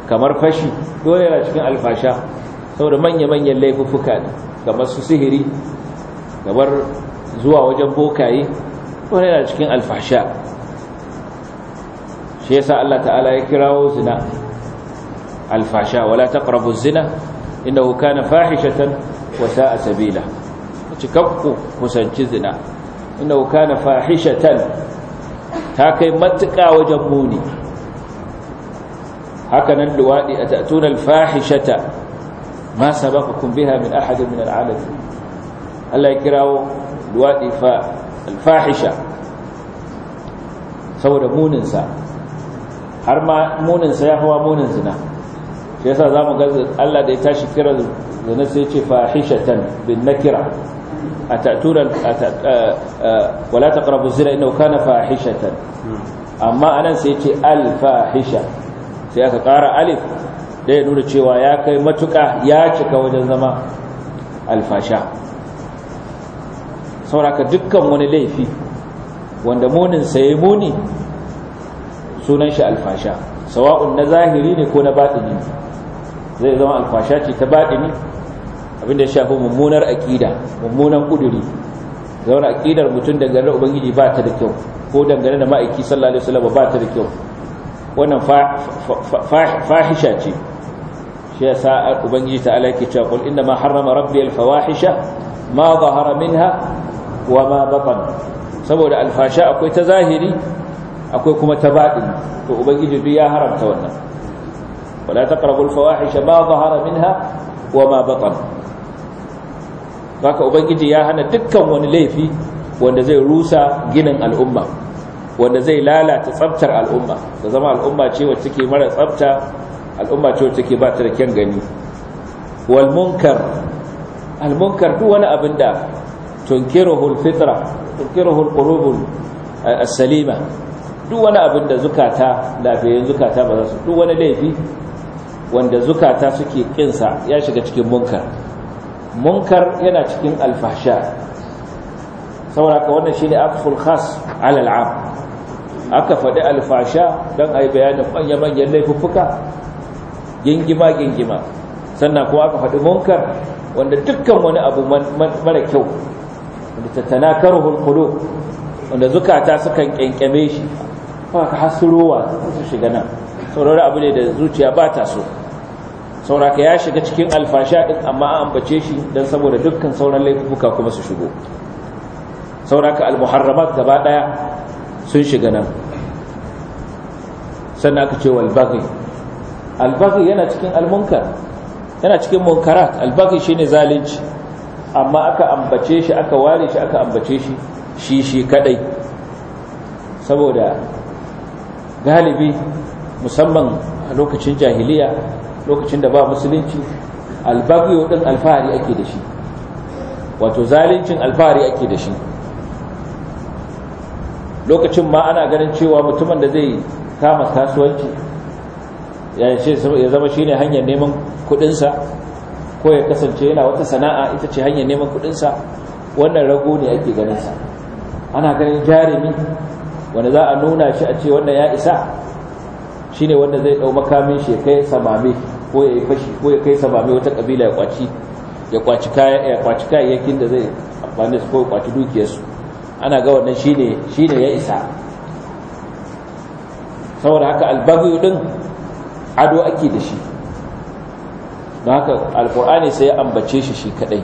kamar fashi dole yana cikin alfasha saboda manya-manyan laifuffuka ne kamar su sihiri kamar zuwa wajen bokaye dole yana cikin alfasha shi yasa Allah ta'ala ya kirawo zina alfasha wala taqrabu zina innahu kana fahishatan wa sa'a sabila cikakku kusanci zina innahu kana fahishatan ta kai matuƙa wajen muni haka nan luwadi atatuna fahishata ma sabaqakum biha min ahad min alalamin Allah ya kirawo luwaɗi fa alfahisha saboda muninsa har ma muninsa sa ya hawa munin zina shi yasa zamu ga Allah da ya tashi kira zina sai ce fahishatan bin nakira atatuna wala taqrabu zina innahu kana fahishatan hmm. amma anan sai ce alfahisha sai aka ƙara alif ya nuna cewa ya kai matuƙa ya cika wajen zama alfasha sauraka dukkan wani laifi wanda munin saye muni sunan shi alfasha sawa'un na zahiri ne ko na baɗini zai zama alfasha ce ta baɗini abinda ya shafi mummunar aƙida mummunan ƙuduri zaune aƙidar mutum dangane da ubangiji ba ta da kyau ko dangane da ma'aiki sallallahu alaihi wasallam ba ta da kyau wannan fahisha ce shi ya sa ubangiji ta alaƙi cewa kul inda ma harrama rabbi alfawahisha ma zahara minha wa ma batan saboda alfasha akwai ta zahiri akwai kuma ta baɗin to ubangiji duk ya haramta wannan wala taqrabu alfawahisha ma zahara minha wa ma batan haka ubangiji ya hana dukkan wani laifi wanda zai rusa ginin al'umma wanda zai lalata tsabtar al'umma da zama al'umma ce wacce take mara tsabta al'umma ce wacce take ba ta da kyan gani wal munkar al munkar duk wani abin da tunkiruhu al fitra tunkiruhu al qulub salima duk wani abin da zukata lafiyayen zukata ba za su duk wani laifi wanda zukata suke kinsa ya shiga cikin munkar munkar yana cikin alfasha saboda ka wannan shine aful khas ala al'am aka faɗi alfasha don a yi bayanin manya-manyan laifuffuka gingima-gingima sannan kuma aka faɗi munkar wanda dukkan wani abu mara kyau wanda tattana karo hulkulo wanda zukata sukan ƙyanƙyame shi haka hasurowa su shiga nan saurari abu ne da zuciya ba ta so sauraka ya shiga cikin alfasha ɗin amma an ambace shi don saboda dukkan sauran laifuka kuma su shigo sauraka muharramat gaba ɗaya sun shiga nan sannan aka ce walbaghi albaghi yana cikin almunkar yana cikin munkarat albaghi shine zalunci amma aka ambace shi aka ware shi aka ambace shi shi shi kadai saboda galibi musamman a lokacin jahiliya lokacin da ba musulunci albagiyo din alfahari ake da shi wato zalincin alfahari ake da shi lokacin ma ana ganin cewa mutumin da zai kama kasuwanci ya ce ya zama shine hanyar neman kudinsa ko ya kasance yana wata sana'a ita ce hanyar neman kudinsa wannan rago ne ake ganinsa ana ganin jarumi wanda za a nuna shi a ce wannan ya isa shine wanda zai dau makamin shi kai samame ko ya yi fashi ko ya kai samame wata kabila ya kwaci kayayyakin da zai amfani da su ko ya kwaci dukiyarsu ana ga wannan shine shine ya isa saboda haka albagu din ado ake da shi don haka alkur'ani sai ya ambace shi shi kadai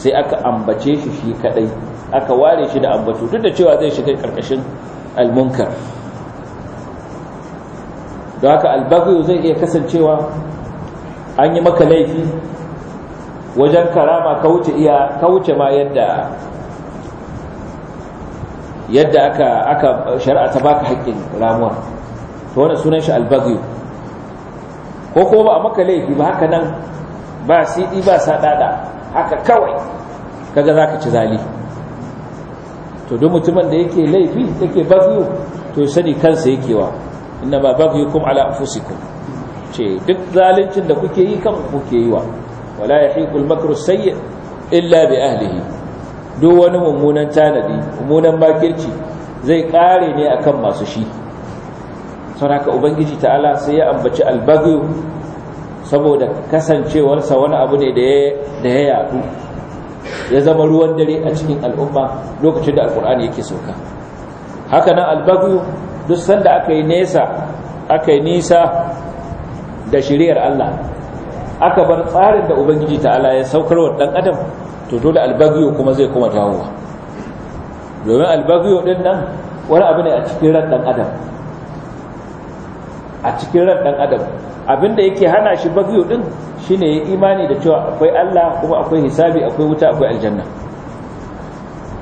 sai aka ambace shi shi kadai aka ware shi da ambatu duk da cewa zai shiga karkashin almunkar don haka albagu zai iya kasancewa an yi maka laifi wajen karama ka wuce ma yadda yadda aka aka shari'a ta baka haƙƙin ramuwar to wannan sunan shi albaghi ko ko ba a maka laifi ba haka nan ba sidi ba sadada haka kawai kaga zaka ci zali to duk mutumin da yake laifi yake baghi to sani kansa yake wa inna ma baghyukum ala anfusikum ce duk zalincin da kuke yi kan kuke yi wa wala yahiqul makru sayyi illa bi ahlihi duk wani mummunan tanadi mummunan bakirci zai kare ne akan masu shi saboda ubangiji ta'ala sai ya ambaci albagyu saboda kasancewarsa wani abu ne da ya yadu ya zama ruwan dare a cikin al'umma lokacin da alkur'ani yake sauka haka nan albagyu duk sanda aka yi nesa aka nisa da shiriyar Allah aka bar tsarin da ubangiji ta'ala ya saukar wa ɗan adam to dole albagiyo kuma zai kuma dawowa domin albagiyo din nan wani abu ne a cikin ran dan adam a cikin ran dan adam abinda yake hana shi bagiyo din shine ya imani da cewa akwai Allah kuma akwai hisabi akwai wuta akwai aljanna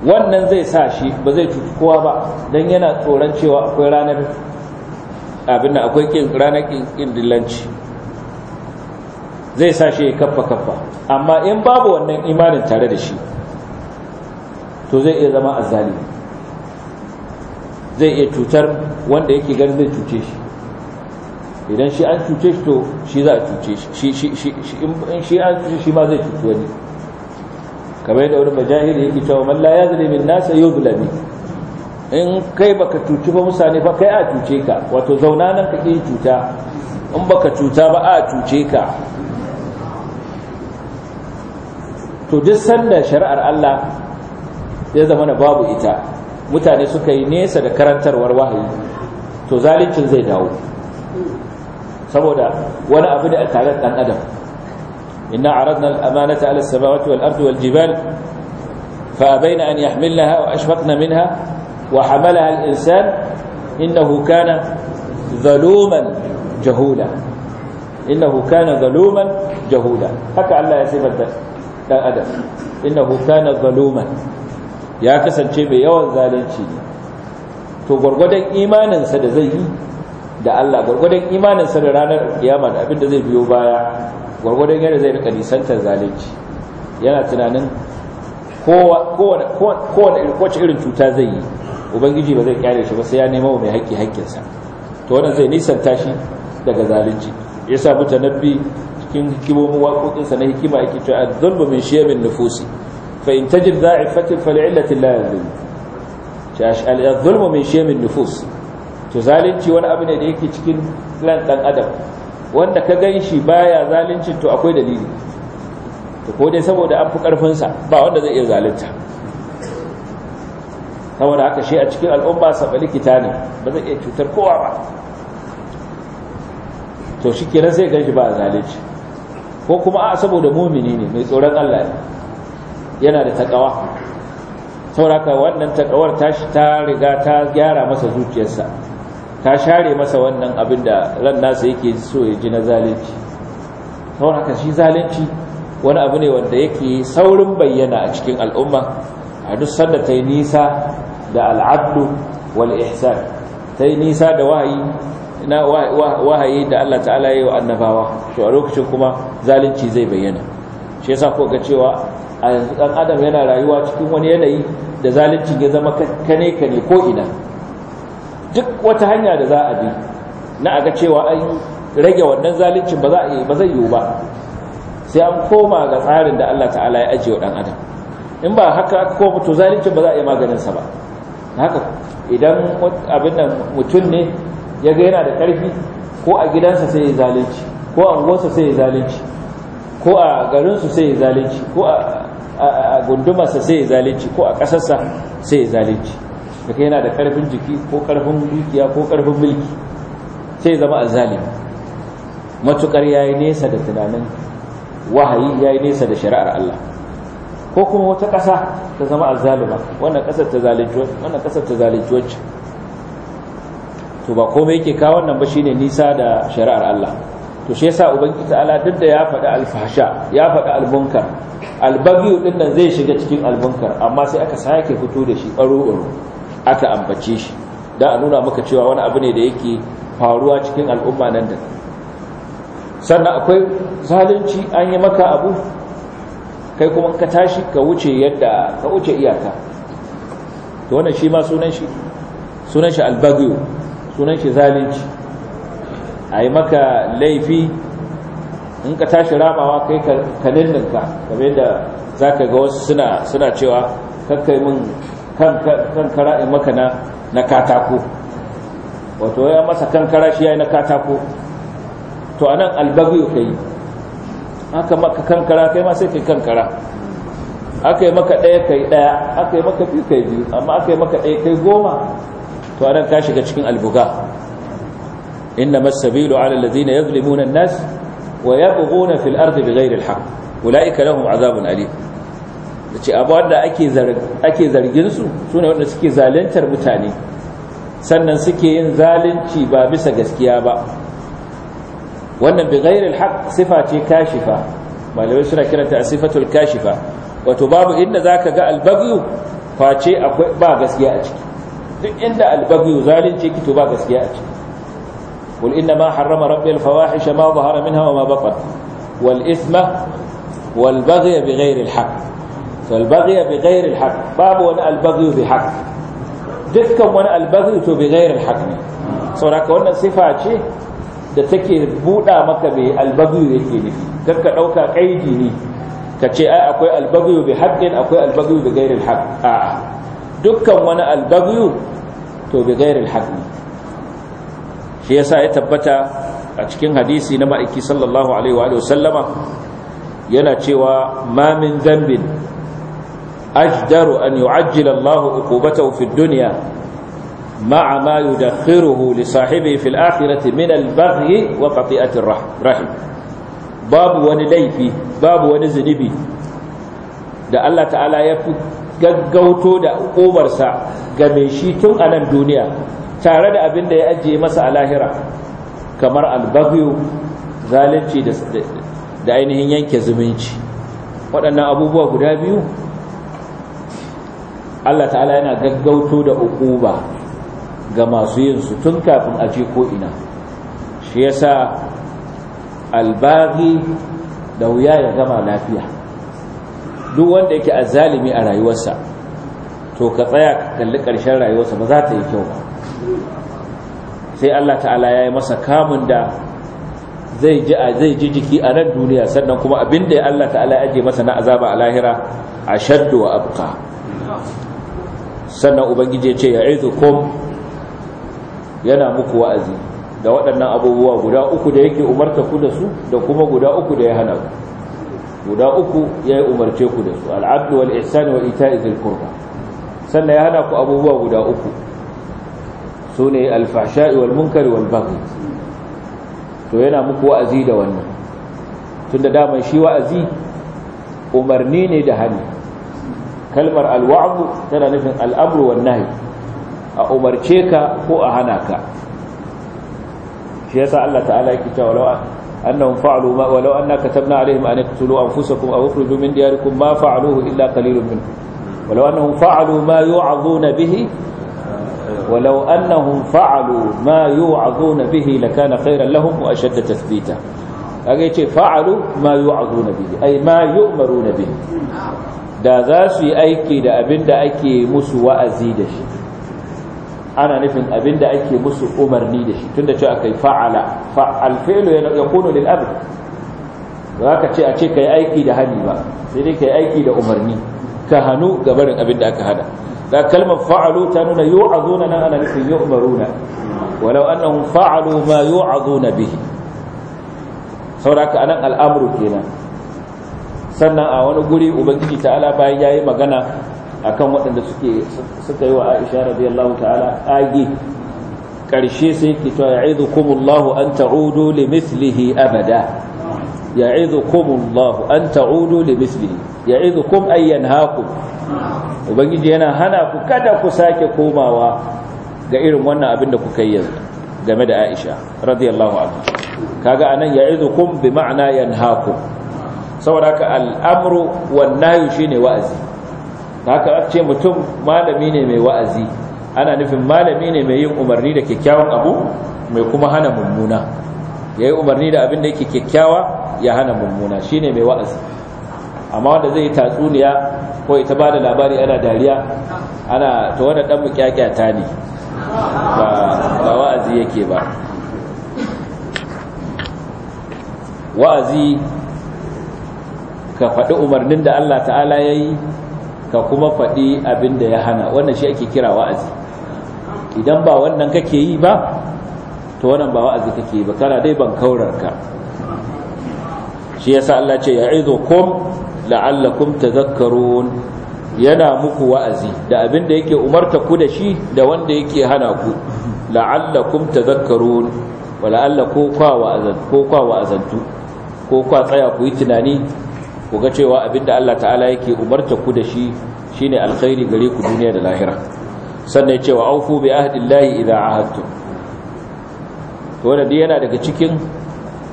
wannan zai sa shi ba zai cuci kowa ba dan yana tsoron cewa akwai ranar abin da akwai ranar kin dillanci zai sa shi ya kaffa kaffa amma in babu wannan imanin tare da shi to zai iya zama azali zai iya cutar wanda yake ganin zai cuce shi idan shi an cuce shi to shi za a cuce shi in shi an cuce shi ma zai cuci wani kamar yadda wani majahili yake cewa man la min nasa yuzlami in kai baka cuci ba mutane ba kai a cuce ka wato zauna nan kake cuta in baka cuta ba a cuce ka to duk sanda shari'ar Allah ya zama na babu ita mutane suka yi nesa da karantarwar wahayi to zalincin zai dawo saboda wani abu da tare dan adam inna aradna al-amanata ala as-samawati wal-ardi wal-jibal fa abaina an yahmilnaha wa ashfaqna minha wa hamalaha al-insan innahu kana zaluman jahula innahu kana zaluman jahula haka Allah ya sifanta dan adam innahu kana zaluman ya kasance mai yawan zalunci ne to gurgurdan imaninsa da zai yi da Allah gurgurdan imaninsa da ranar kiyama da abin da zai biyo baya gurgurdan yadda zai rika nisantar zalunci yana tunanin kowace irin cuta zai yi ubangiji ba zai kyale shi ba sai ya nemo mai haƙƙi haƙƙinsa to wannan zai nisanta shi daga zalunci yasa mutanabbi cikin hikimomin waƙoƙinsa na hikima yake cewa a zulmu min shiyamin nufusi fa in tajid da'ifatin fal'illatin la yazlim az-zulmu min shiyamin nufus to zalunci wani abu ne da yake cikin ran ɗan adam wanda ka ganshi baya zalunci to akwai dalili to ko dai saboda an fi ƙarfinsa ba wanda zai iya zalunta saboda haka shi a cikin al'umma sabali ne ba zai iya cutar kowa ba to shi kenan sai ganshi ba zalunci ko kuma a saboda mumini ne mai tsoron Allah yana da takawa sauraka wannan takawar ta riga ta gyara masa zuciyarsa ta share masa wannan abin da ran nasa yake so ya ji na zalunci sauraka shi zalunci wani abu ne wanda yake saurin bayyana a cikin al'umma a duk sanda ta yi nisa da al'adu wal ihsan ta yi nisa da wahayi na wahayi da Allah ta'ala ya yi wa annabawa to a lokacin kuma zalunci zai bayyana shi yasa ko ga cewa a yanzu dan adam yana rayuwa cikin wani yanayi da zalunci ya zama kane kane ko ina duk wata hanya da za a bi na aga cewa an rage wannan zaluncin ba za a ba zai yiwu ba sai an koma ga tsarin da Allah ta'ala ya ajiye wa dan adam in ba haka aka koma to zaluncin ba za a yi maganin sa ba haka idan abin nan mutum ne ya ga yana da ƙarfi ko a gidansa sai ya zalunci ko a unguwarsa sai ya zalunci ko a garinsu sai ya zalunci ko a gundumarsa sai ya zalunci ko a ƙasarsa sai ya zalunci daga yana da ƙarfin jiki ko ƙarfin dukiya ko ƙarfin mulki sai zama zalimi matuƙar ya yi nesa da tunanin wahayi ya yi nesa da shari'ar Allah ko kuma wata ƙasa ta zama zalima wannan ƙasar ta zalunci wannan ƙasar ta zalunci wacce to ba komai yake kawo wannan ba shine nisa da shari'ar Allah to shi yasa ubangiji ta'ala duk da ya faɗi alfasha ya faɗi albunkar albagiyu din nan zai shiga cikin albunkar amma sai aka sake fito da shi baro baro aka ambace shi da a nuna maka cewa wani abu ne da yake faruwa cikin al'umma nan da sannan akwai zalunci an yi maka abu kai kuma ka tashi ka wuce yadda ka wuce iyaka to wannan shi ma sunan shi sunan shi sunan shi zalunci a yi maka laifi in ka tashi rabawa kai ka game da za ka ga wasu suna cewa kakkai min kankara in maka na katako wato ya masa kankara shi ya yi na katako to anan albagiyo ka yi aka maka kankara kai ma sai kai kankara aka yi maka ɗaya kai ɗaya aka yi maka biyu kai biyu amma aka yi maka ɗaya kai goma to ka shiga cikin albuga inna masabilu ala alladhina yadhlimuna an-nas wa yabghuna fil ardi bighayri al-haqq ulaika lahum azabun alim dace abu wanda ake ake zargin su sune wanda suke zalantar mutane sannan suke yin zalunci ba bisa gaskiya ba wannan bighayri al-haqq sifa ce kashifa malamai suna kiranta sifatul kashifa wato babu inda zaka ga al-baghyu face akwai ba gaskiya a ciki duk inda albaghi zalunci ki to ba gaskiya a ciki qul inna ma harrama rabbi alfawahish ma zahara minha wa ma batan wal ithma wal baghy bighayri alhaq fal baghy bighayri alhaq babu wani albaghi bihaq dukkan wani albaghi to bighayri alhaq ne saboda wannan sifa ce da take buɗa maka mai albagiyu yake nufi kakka ɗauka ƙaidi ne ka ce ai akwai albagiyu bi haƙƙin akwai albagiyu bi gairin haƙ a'a dukkan wani albagiyu to bi ghairil haqqi shi yasa ya tabbata a cikin hadisi na ma'aiki sallallahu alaihi wa sallama yana cewa ma min dambin ajdaru an yu'ajjila Allahu uqubatahu fid dunya ma'a ma yudakhiruhu li sahibihi fil akhirati min al-baghi wa qati'ati rahim babu wani laifi babu wani zunubi da Allah ta'ala ya fi gaggauto da ƙobarsa ga mai shi tun a nan duniya tare da abin da ya ajiye masa a lahira kamar albagyo zalunci da ainihin yanke zumunci waɗannan abubuwa guda biyu Allah ta'ala yana gaggauto da uquba ga masu yin su tun kafin a je ko ina shi yasa albari da wuya ya gama lafiya duk wanda yake azalimi a rayuwarsa to ka tsaya ka kalli ƙarshen rayuwarsa ba za ta yi kyau ba sai Allah ta'ala ya yi masa kamun da zai ji zai ji jiki a nan duniya sannan kuma abin da ya Allah ta'ala ya aje masa na azaba a lahira a shaddu wa abqa sannan ubangiji ya ce kom yana muku wa'azi da waɗannan abubuwa guda uku da yake umarta ku da su da kuma guda uku da ya hana ku guda uku ya yi umarce ku da su al'abdu wal ihsan wa ita zil qurba sannan ya hana ku abubuwa guda uku sune al-fahsha'i wal munkari wal baghi to yana muku wa'azi da wannan tunda dama shi wa'azi umarni ne da hannu, kalmar al tana nufin al'amru amru wan a umarce ka ko a hana ka shi yasa Allah ta'ala yake cewa annahum fa'alu ma walau anna katabna alaihim an yaqtulu anfusakum aw ukhriju min ma fa'aluhu illa qalilun minhum walau annahum walau annahum fa'alu ma yu'adhuna bihi lakana khayran lahum wa ashadda tathbita kage yace fa'alu ma da za su yi aiki da abinda ake musu wa'azi da shi ana nufin abinda ake musu umarni da shi tunda cewa kai fa'ala fa'al fi'lu yakunu lil amr ba ka ce a ce kai aiki da hali ba sai dai kai aiki da umarni ka hanu gabarin abinda aka hada da kalmar fa'alu ta nuna yu'azuna nan ana nufin yu'maruna walau annahum fa'alu ma yu'azuna bihi sauraka nan al'amuru kenan sannan a wani guri ubangiji ta'ala bayan yi magana akan waɗanda suke suka yi wa Aisha radiyallahu ta'ala age karshe sai yake cewa ya'idukumullahu an ta'udu limithlihi abada ya'idukumullahu an ta'udu limithlihi ya'idukum ay yanhaakum ubangiji yana hana ku kada ku sake komawa ga irin wannan abin da kuka yi game da Aisha radiyallahu anha kaga anan ya'idukum bi ma'ana yanhaakum saboda haka al'amru wan nahyu shine wa'azi haka ce mutum malami ne mai wa'azi ana nufin malami ne mai yin umarni da kyakkyawan abu mai kuma hana mummuna ya yi umarni da abin da yake kyakkyawa ya hana mummuna shi ne mai wa'azi amma wanda zai yi tatsuniya ko ita ba da labari ana dariya ana ta wadda ɗan mukyakyata ne ba wa'azi yake ba wa'azi ka faɗi umarnin da allah ta'ala ya yi ka kuma faɗi abin da ya hana wannan shi ake kira wa'azi idan ba wannan kake yi ba to wannan ba wa'azi kake yi ba kana dai ban kaurarka shi yasa Allah ce ya ya'idukum la'allakum tadhakkarun yana muku wa'azi da abin da yake umarta ku da shi da wanda yake hana ku la'allakum tadhakkarun wa la'alla ko kwa wa'azantu ko kwa tsaya ku yi tunani ku ga cewa abinda Allah ta'ala yake umarta ku da shi shine alkhairi gare ku duniya da lahira sannan yace wa aufu bi ahdillahi idza ahadtum to wannan dai yana daga cikin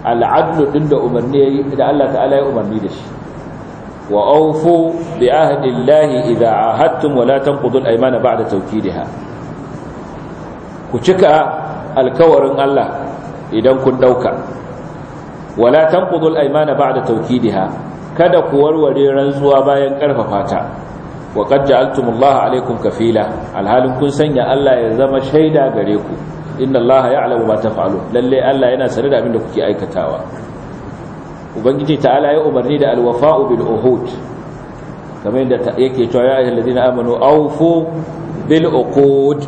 al'adlu din da umarni da Allah ta'ala ya umarni da shi wa aufu bi ahdillahi idza ahadtum wa la tanqudul aymana ba'da tawkidiha ku cika alkawarin Allah idan kun dauka wala tanqudul aymana ba'da tawkidiha kada ku warware rantsuwa bayan karfafa ta wa qad ja'altumullah alaikum kafila alhalin kun sanya Allah ya zama shaida gare ku inna Allah ya'lamu ma taf'alun lalle Allah yana sane da abin da kuke aikatawa ubangiji ta'ala ya umarni da alwafa'u bil uhud kamar yadda yake cewa ya ayyuhal ladina amanu awfu bil uqud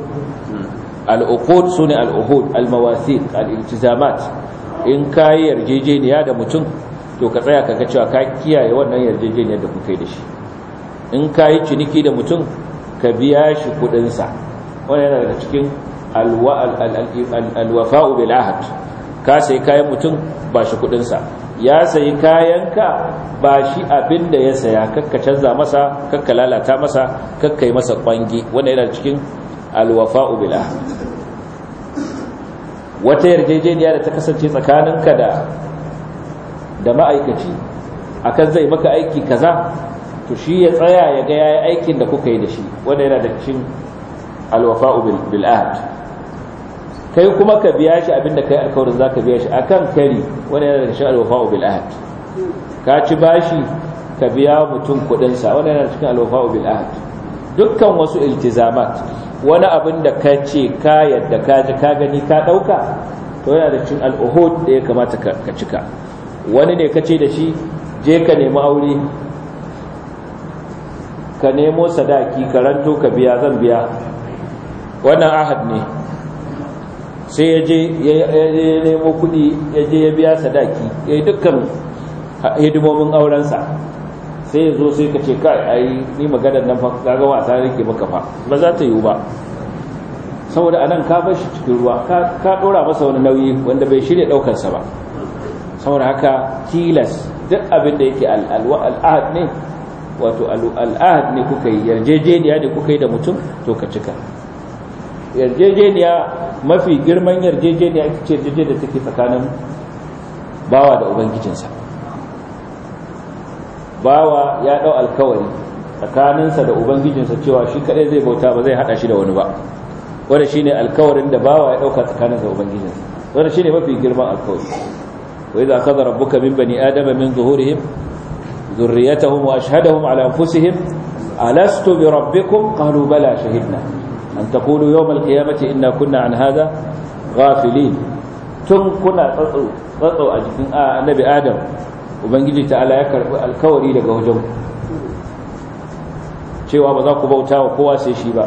al uqud sunni al uhud al mawathiq al iltizamat in kai yarjejeniya da mutum to ka tsaya ka ga cewa ka kiyaye wannan yarjejeniyar da kuka yi da shi in ka yi ciniki da mutum ka biya shi kuɗinsa wani yana daga cikin alwafa'u bil ahad ka sai kayan mutum ba shi kuɗinsa ya sayi kayanka ba shi abin da ya saya kakka canza masa kakka lalata masa kakka yi masa kwangi Wannan yana cikin alwafa'u bil ahad wata yarjejeniya da ta kasance tsakaninka da da ma'aikaci akan zai maka aiki kaza to shi ya tsaya ya ga yayi aikin da kuka yi da shi wanda yana da alwafa alwafa'u bil ahd kai kuma ka biya shi abinda kai alkawarin zaka biya shi akan kari wanda yana da cikin alwafa'u bil ahd ka ci bashi ka biya mutum kudin sa wanda yana da cin alwafa'u bil ahd dukkan wasu iltizamat wani abin da ka ce ka yadda ka ji ka gani ka dauka to yana da cin al'uhud da ya kamata ka cika wani ne kace da shi je ka nemi aure ka nemo sadaki ka ranto ka biya zan biya wannan ahad ne sai ya je ya nemo kudi ya je ya biya sadaki ya yi dukkan hidimomin aurensa sai ya zo sai ka ce kai yi ni maganar nan faga wasa rike maka fa ba za ta yiwu ba saboda anan ka bashi cikin ruwa ka dora masa wani nauyi wanda bai shirya daukar ba saboda haka tilas duk abin da yake al'ahad ne wato al'ahad ne kuka yi yarjejeniya ne kuka yi da mutum to ka cika yarjejeniya mafi girman yarjejeniya ita ce yarjejeniya take tsakanin bawa da ubangijinsa bawa ya ɗau alkawari tsakaninsa da ubangijinsa cewa shi kaɗai zai bauta ba zai haɗa shi da wani ba wanda shine alkawarin da bawa ya ɗauka tsakaninsa da ubangijinsa wanda shine mafi girman alkawari وإذا أخذ ربك من بني آدم من ظهورهم ذريتهم وأشهدهم على أنفسهم ألست بربكم قالوا بلى شهدنا أن تقولوا يوم القيامة إنا كنا عن هذا غافلين tun kuna tsatsau a jikin annabi adam ubangiji ta'ala ya karbi alkawari daga wajen cewa ba za ku bauta wa kowa sai shi ba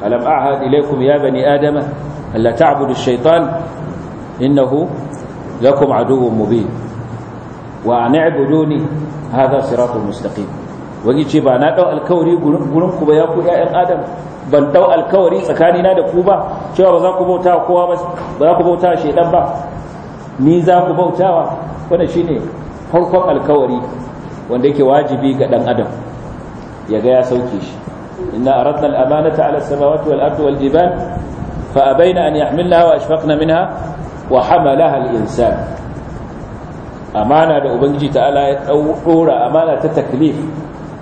alam a'had ilaykum ya bani adama alla innahu lakum aduwwun mubin wa an i'buduni hadha siratun mustaqim wani ce ba na dau alkawari gurin ku ba ya ban dau alkawari tsakanina da ku ba cewa ba za ku bauta kowa ba ba za ku bauta shedan ba ni shine farkon alkawari wanda yake wajibi ga dan adam ya ga ya sauke shi inna aradna amanata ala as-samawati wal ardi wal jibal fa abaina an yahmilnaha wa ashfaqna minha wa hamalaha al-insan amana da ubangiji ta'ala ya dora amana ta taklif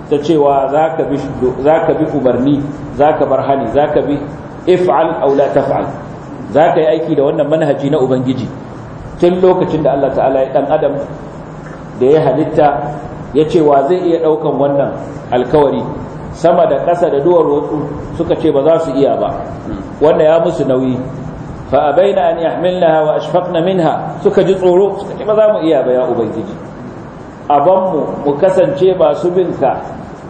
ta cewa zaka bi zaka bi umarni zaka bar hali zaka bi if'al aw la taf'al zaka yi aiki da wannan manhaji na ubangiji tun lokacin da Allah ta'ala ya dan adam da ya halitta ya ce wa zai iya daukan wannan alkawari sama da ƙasa da duwar suka ce ba za su iya ba wannan ya musu nauyi fa abaina an yahmilnaha wa ashfaqna minha suka ji tsoro suka ce ba za mu iya ba ya ubangiji abanmu mu kasance masu binka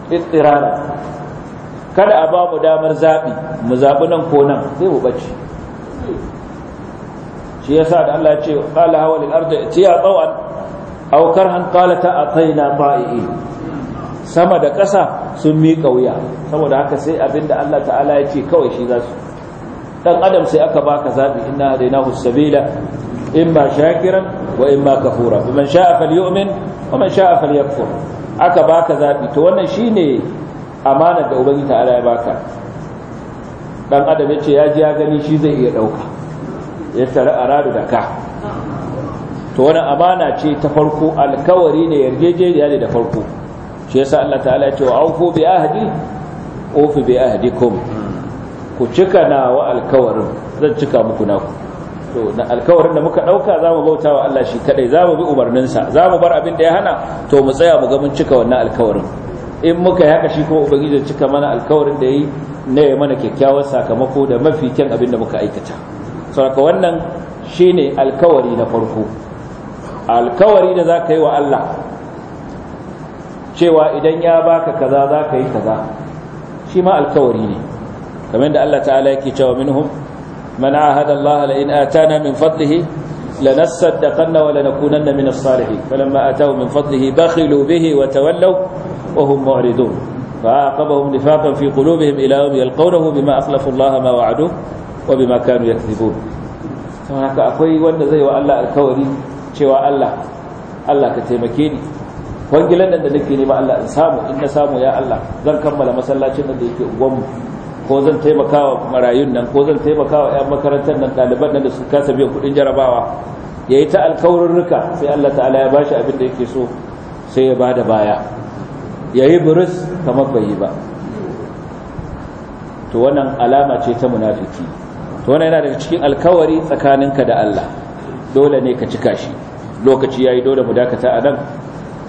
ittirara kada a ba mu damar zaɓi mu zaɓi nan ko nan sai mu bace shi yasa da Allah ya ce qala hawa lil ardi tiya tawan aw karhan qala ta ataina ba'i sama da ƙasa sun miƙa wuya saboda haka sai abinda Allah ta'ala ya ce kawai shi za su dan adam sai aka baka zabi inna hadainahu sabila imma shakiran wa imma kafura faman sha'a falyu'min wa man sha'a falyakfur aka baka zabi to wannan shine amanar da ubangiji ta'ala ya baka dan adam yace ya ji ya gani shi zai iya dauka ya tare a da ka to wani amana ce ta farko alkawari ne yarjejeniya ne da farko shi yasa Allah ta'ala ya ce wa aufu bi ahdi ufi bi ahdikum ku cika nawa alkawarin zan cika muku naku to na alkawarin da muka dauka zamu bauta wa Allah shi kadai zamu bi umarnin umarninsa zamu bar abin da ya hana to mu tsaya mu ga mun cika wannan alkawarin in muka haka shi kuma zai cika mana alkawarin da yi na ya mana kyakkyawar sakamako da mafi kyan abin da muka aikata ka wannan shine alkawari na farko alkawari da zaka yi wa Allah cewa idan ya baka kaza zaka yi kaza shi ma alkawari ne kamar da Allah ta'ala yake cewa minhum man ahada Allah la in atana min fadlihi lanasaddaqanna wa lanakunanna min as-salihin falamma atahu min fadlihi bakhilu bihi wa tawallaw wa hum mu'ridun فأعقبهم نفاقا في قلوبهم إلى ma يلقونه بما أخلفوا الله ما وعدوه وبما كانوا يكذبون فهناك أخوي وأن زي الله الكوري Allah الله الله كتيمكيني wangilan da nake nema Allah in samu in na samu ya Allah zan kammala masallacin da yake uwanmu ko zan taimakawa marayun nan ko zan taimakawa 'yan makarantar nan ɗaliban nan da su kasa biyan kuɗin jarabawa ya yi ta rika sai Allah ta'ala ya ba shi abin da yake so sai ya bada baya ya yi buris kamar bai yi ba to wannan alama ce ta munafiki to wannan yana daga cikin alkawari tsakaninka da Allah dole ne ka cika shi lokaci yayi dole mu dakata a nan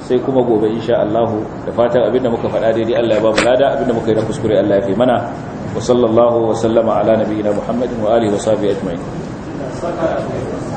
sai kuma gobe insha Allah da fatan abinda muka faɗa daidai Allah ya ba mu lada abinda muka yi na kuskure Allah ya fi mana wa sallallahu wa ala nabiyyina muhammadin wa alihi wa sahbihi ajma'in